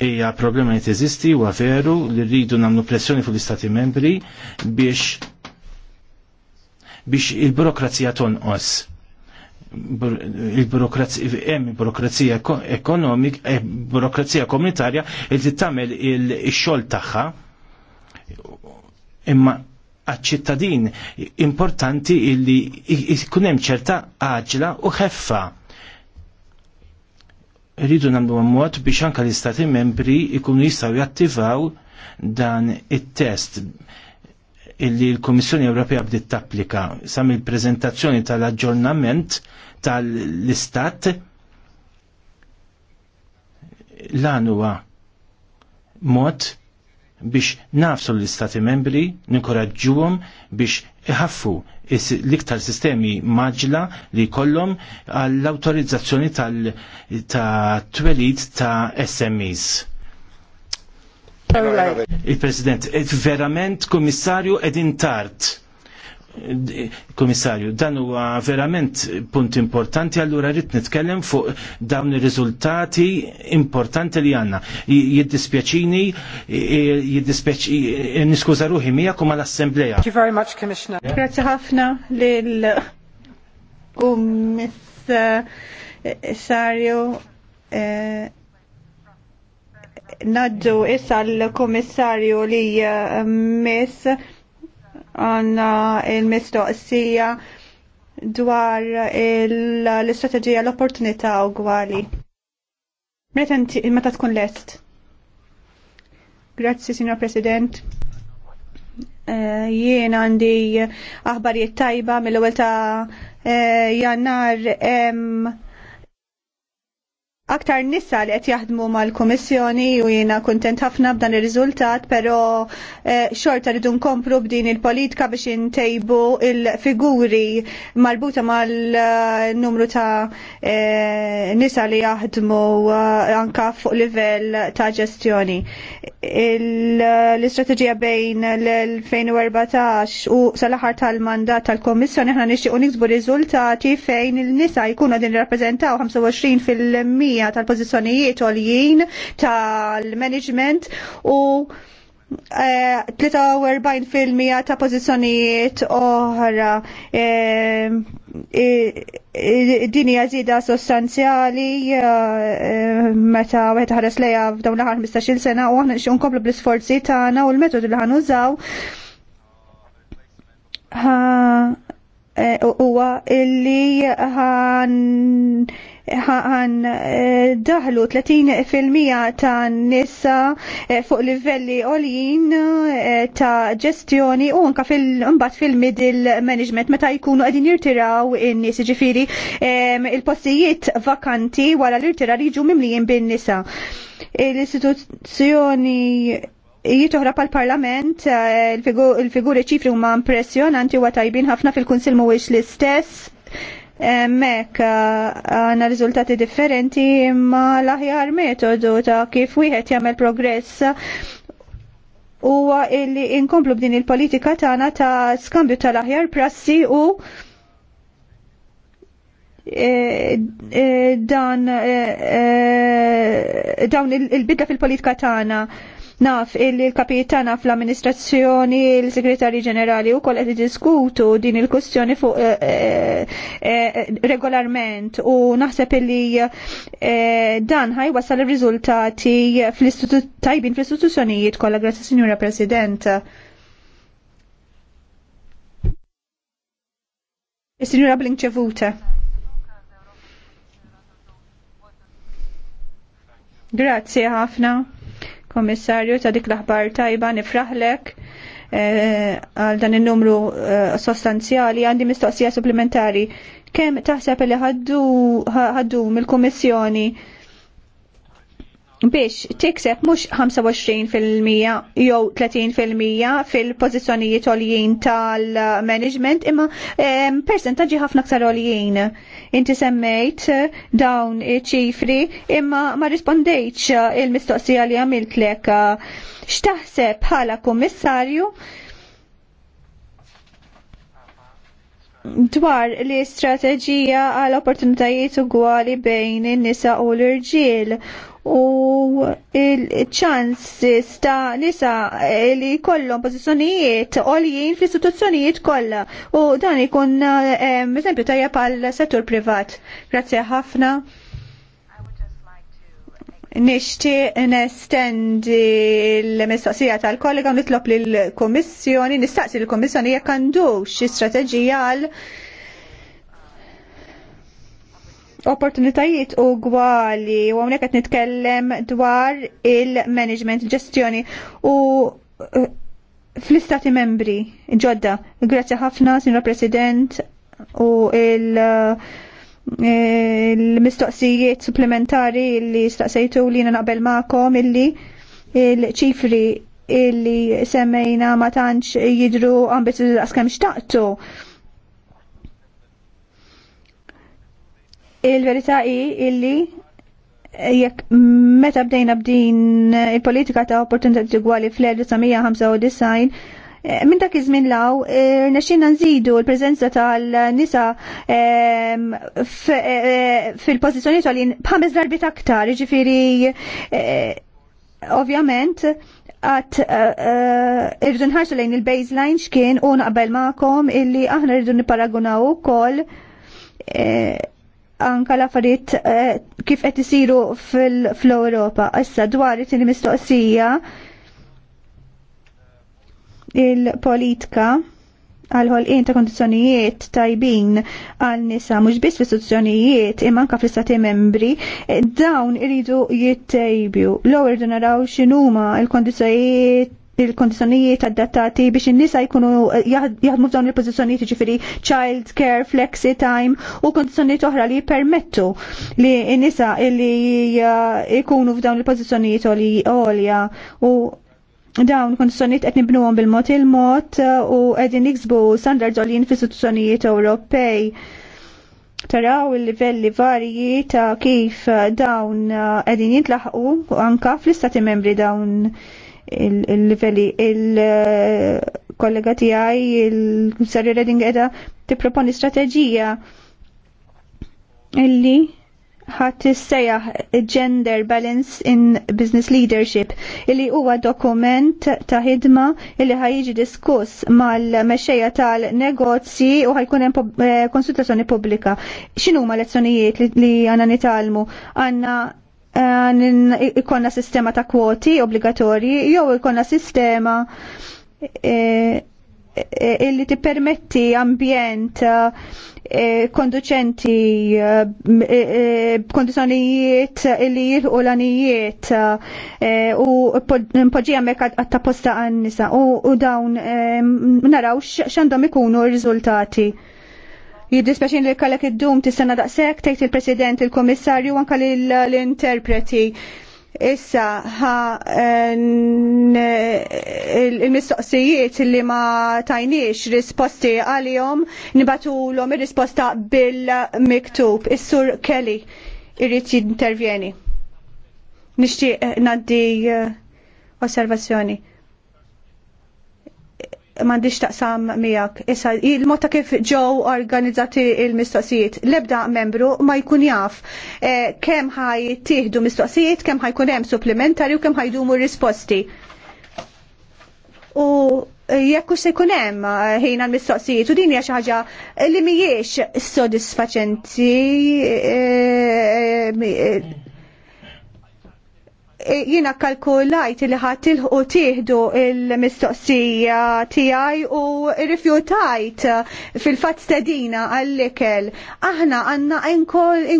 hija problema li teżisti u veru li rridu nagħmlu pressjoni fuq l-Istati membri biex biex il-burokrazija tonqos il-burokrazija ekonomik, eh, burokrazija komunitarja li tittamel il-xol tagħha imma għadċittadin ċittadin importanti illi hemm ċerta għaġla u ħeffa. Rridu nagħmlu mod biex anke l-istati membri jkunu jistgħu jattivaw dan it-test illi l-Komissjoni Ewropea bdiet tapplika sa mill-preżentazzjoni tal-aġġornament tal-istat l huwa mod biex nafsu l-istati membri, ninkoraġġuhom biex iħaffu l-iktar sistemi maġla li kollom għall-autorizzazzjoni tal-twelid ta' SMEs. Il-President, verament, komissarju, edin tart komissarju, dan huwa verament punt importanti, allura rrit nitkellem fuq dawn ir-riżultati importanti li għandna. Jiddispjaċini, jiddispjaċini, niskuża ruħi miegħek u mal-assembleja. Thank you very much, Commissioner. Grazzi ħafna lil kummissarju eh, naddu issa l-komissarju li eh, miss għanna il-mistoqsija dwar l-istrateġija l-opportunità u gwali. Meta tkun lest? Grazzi, Signor President. Eh, jien għandi aħbarijiet tajba mill-ewwel ta' eh, jannar hemm aktar nisa li qed jaħdmu mal-Kummissjoni u jiena kuntent ħafna b'dan ir-riżultat, però eh, xorta rridu nkompru b'din il-politika biex intejbu il-figuri marbuta mal-numru ta' eh, nisa li jaħdmu eh, anka fuq livell ta' ġestjoni l-istrateġija bejn l-2014 u sal-aħħar tal-mandat tal-Kommissjoni aħna nixtiequ niksbu riżultati fejn il-nisa jkunu din rappreżentaw 25 fil-mija tal-pożizzjonijiet għoljien tal-management u Eh, 43% ta' pozizjonijiet oħra eh, eh, din hija żieda sostanzjali meta wieħed ħares lejha f'dawn l-aħħar 15-il sena u aħna nixtieq nkomplu bl-isforzi tagħna u l-metodu li ħanużaw huwa illi ħan għan eh, daħlu 30% ta' nisa eh, fuq livelli olin eh, ta' ġestjoni u anka fil-mbat fil-middle management meta jkunu għedin jirtiraw in-nis ġifiri il-postijiet vakanti wara l irtira jiġu mimlijin bin-nisa. L-istituzzjoni jitoħra pal parlament il-figuri ċifri huma impressjonanti huwa tajbin ħafna fil-Kunsil mhuwiex l-istess Mek eh, għana riżultati differenti imma l-aħjar metodu ta' kif wieħed jagħmel progress huwa illi inkomplu b'din il-politika tagħna ta' skambju tal-aħjar prassi u E, e, dan e, dawn il-bidla il fil-politika tagħna Naf illi l-kapitana fl-amministrazzjoni, l-segretari ġenerali u koll diskutu din il-kustjoni fuq eh, eh, eh, regolarment u naħseb illi dan ħaj wasal il-rizultati fl tajbin fl-istituzzjonijiet kollha grazzi Signora President. Signora Blinkċevuta. Grazie ħafna. Komissarju ta' dik l-aħbar tajba nifraħlek eh, għal dan il-numru eh, sostanzjali għandi mistoqsija supplementari. Kem taħseb li ħaddu mill-Komissjoni biex tikseb mhux 25% jew 30% fil-pożizzjonijiet għoljin tal-management imma persentaġġi ħafna aktar għoljien. Inti semmejt eh, dawn ċifri imma ma rispondejtx il-mistoqsija li għamiltlek. X'taħseb bħala kummissarju dwar li strategija għal opportunitajiet ugwali bejn in-nisa u l-irġiel u il-ċans ta' nisa eh, li kollhom pożizzjonijiet għoljien fl-istituzzjonijiet kollha u dan ikun eh, eżempju tajja pal settur privat. Grazie ħafna. Nishti nestendi l-mistoqsija tal-kollega u nitlob lill-Kummissjoni, nistaqsi l-Kummissjoni jekk xi strateġija għal opportunitajiet ugwali u għamnek qed nitkellem dwar il-management, il-ġestjoni u eh, fl-istati membri ġodda. Grazzi ħafna, Sinra President, u il- eh, il-mistoqsijiet supplementari li staqsejtu li naqbel ma'kom illi il-ċifri illi semmejna ma tantx jidru għambit għaskem xtaqtu Il-verità hi illi jekk meta bdejna b'din eh, il-politika ta' opportunità ugwali fl-1995 eh, Minn dak iż-żmien law, eh, nexxinna nżidu l-preżenza tal-nisa ehm, fil-pożizzjoni tal ħames darbit aktar, jiġifieri ovvjament għat irridu nħarsu lejn il-baseline x'kien u naqbel magħkom illi aħna rridu nipparagunaw ukoll anka l-affarijiet eh, kif qed isiru fl-Ewropa. Issa dwar it mistoqsija il-politika għal-ħolqien ta' kondizjonijiet tajbin għal nisa mhux biss fis sozzjonijiet imma anke fl-istati membri eh, dawn iridu jittejbju. L-ewwel naraw x'inhuma l-kondizzjonijiet il-kondizjonijiet adattati biex in-nisa jkunu eh, jaħdmu f'dawn il-pożizzjonijiet ġifieri child care, flexi time u kondizjonijiet oħra li permettu li n-nisa li eh, jkunu f'dawn il-pożizzjonijiet li għolja u dawn kondizjonijiet qed nibnuhom bil-mod il-mod eh, u qegħdin niksbu standards għolin f'istituzzjonijiet Ewropej taraw il-livelli varji ta' kif dawn qegħdin jintlaħqu anka fl-istati membri dawn il-livelli. Il-kollega eh, tiegħi il-Sarri Redding qiegħda tipproponi strateġija illi ħat sejja Gender Balance in Business Leadership illi huwa dokument ta' ħidma illi ħajġi diskuss mal-mexxejja tal-negozji u ħajkun hemm eh, konsultazzjoni pubblika. X'inhuma lezzjonijiet li għandna nitalmu? Għandna Eh, ikonna sistema ta' kwoti obbligatorji jew ikonna sistema eh, eh, illi ti permetti tippermetti ambjent konduċenti kondizjonijiet illi jilħu l-anijiet u poġija meka għatta posta għannisa u, dawn narawx xandom ikunu r-riżultati. Jiddispeċin li kallek id-dum tis-sena daqshekk tgħid il-President, il-Kummissarju anke l-interpreti. Issa ha il-mistoqsijiet li ma tajniex risposti għalihom nibatulhom ir-risposta bil-miktub. Is-Sur Kelly irrid jintervjeni. Nixtieq eh, ngħaddi eh, osservazzjoni mandiċ taqsam miegħek. Issa, il mota kif ġew organizzati il-mistoqsijiet, l-ebda membru ma jkun jaf eh, kemm ħaj tieħdu mistoqsijiet, kemm ħajkun hemm supplementari u kemm ħajdumu risposti. U jekk se jkun hemm eh, ħin mistoqsijiet u din hija xi ħaġa li mhijiex sodisfaċenti eh, E, jiena kalkulajt li ħat u tieħdu il-mistoqsija tiegħi u rifjutajt fil-fatt stedina għall-ikel. Aħna għandna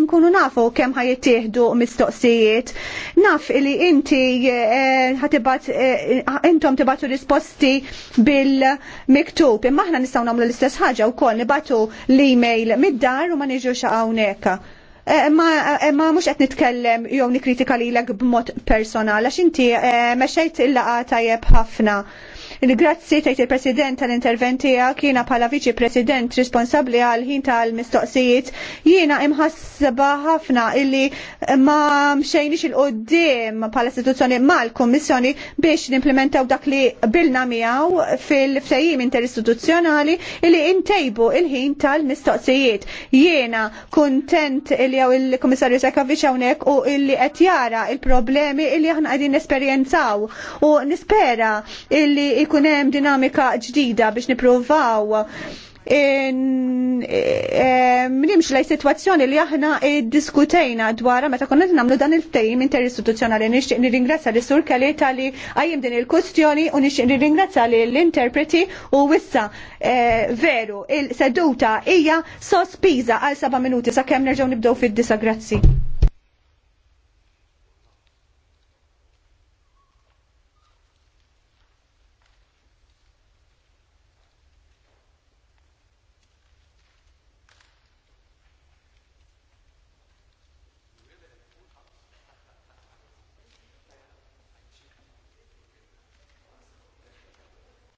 nkunu nafu kemm ħajtieħdu mistoqsijiet. Naf li inti e, e, intom tibatu risposti bil-miktub. Imma aħna nistgħu nagħmlu l-istess ħaġa wkoll nibatu l-email mid-dar u ma niġux hawnhekk. Eh, ma eh, mux qed nitkellem jew nikritika lilek b'mod personali għax inti eh, mexejt il-laqa tajjeb ħafna. Il-grazzi tajt il-President tal-interventi għak jina pala Viċi President responsabli għal ħin tal-mistoqsijiet jina imħassba ħafna illi ma mxejnix il-qoddim pala istituzzjoni ma l-Kommissjoni biex n-implementaw dak li bilna miaw fil-ftajim interistituzzjonali illi intejbu il-ħin tal-mistoqsijiet. Jiena, kontent illi għaw il-Kommissarju Sekaviċ għawnek u illi għetjara il-problemi illi għan għadin esperienzaw u nispera illi ikun hemm dinamika ġdida biex nippruvaw nimx lej situazzjoni li aħna diskutejna dwar meta konna namlu dan il-ftejim interistituzzjonali nixtieq nirringrazzja li sur Kelly tali għajjem din il-kustjoni u nixtieq nirringrazzja li l-interpreti u wissa eh, veru il-seduta hija sospiża għal 7 minuti sakemm nerġgħu nibdew fid-disagrazzi.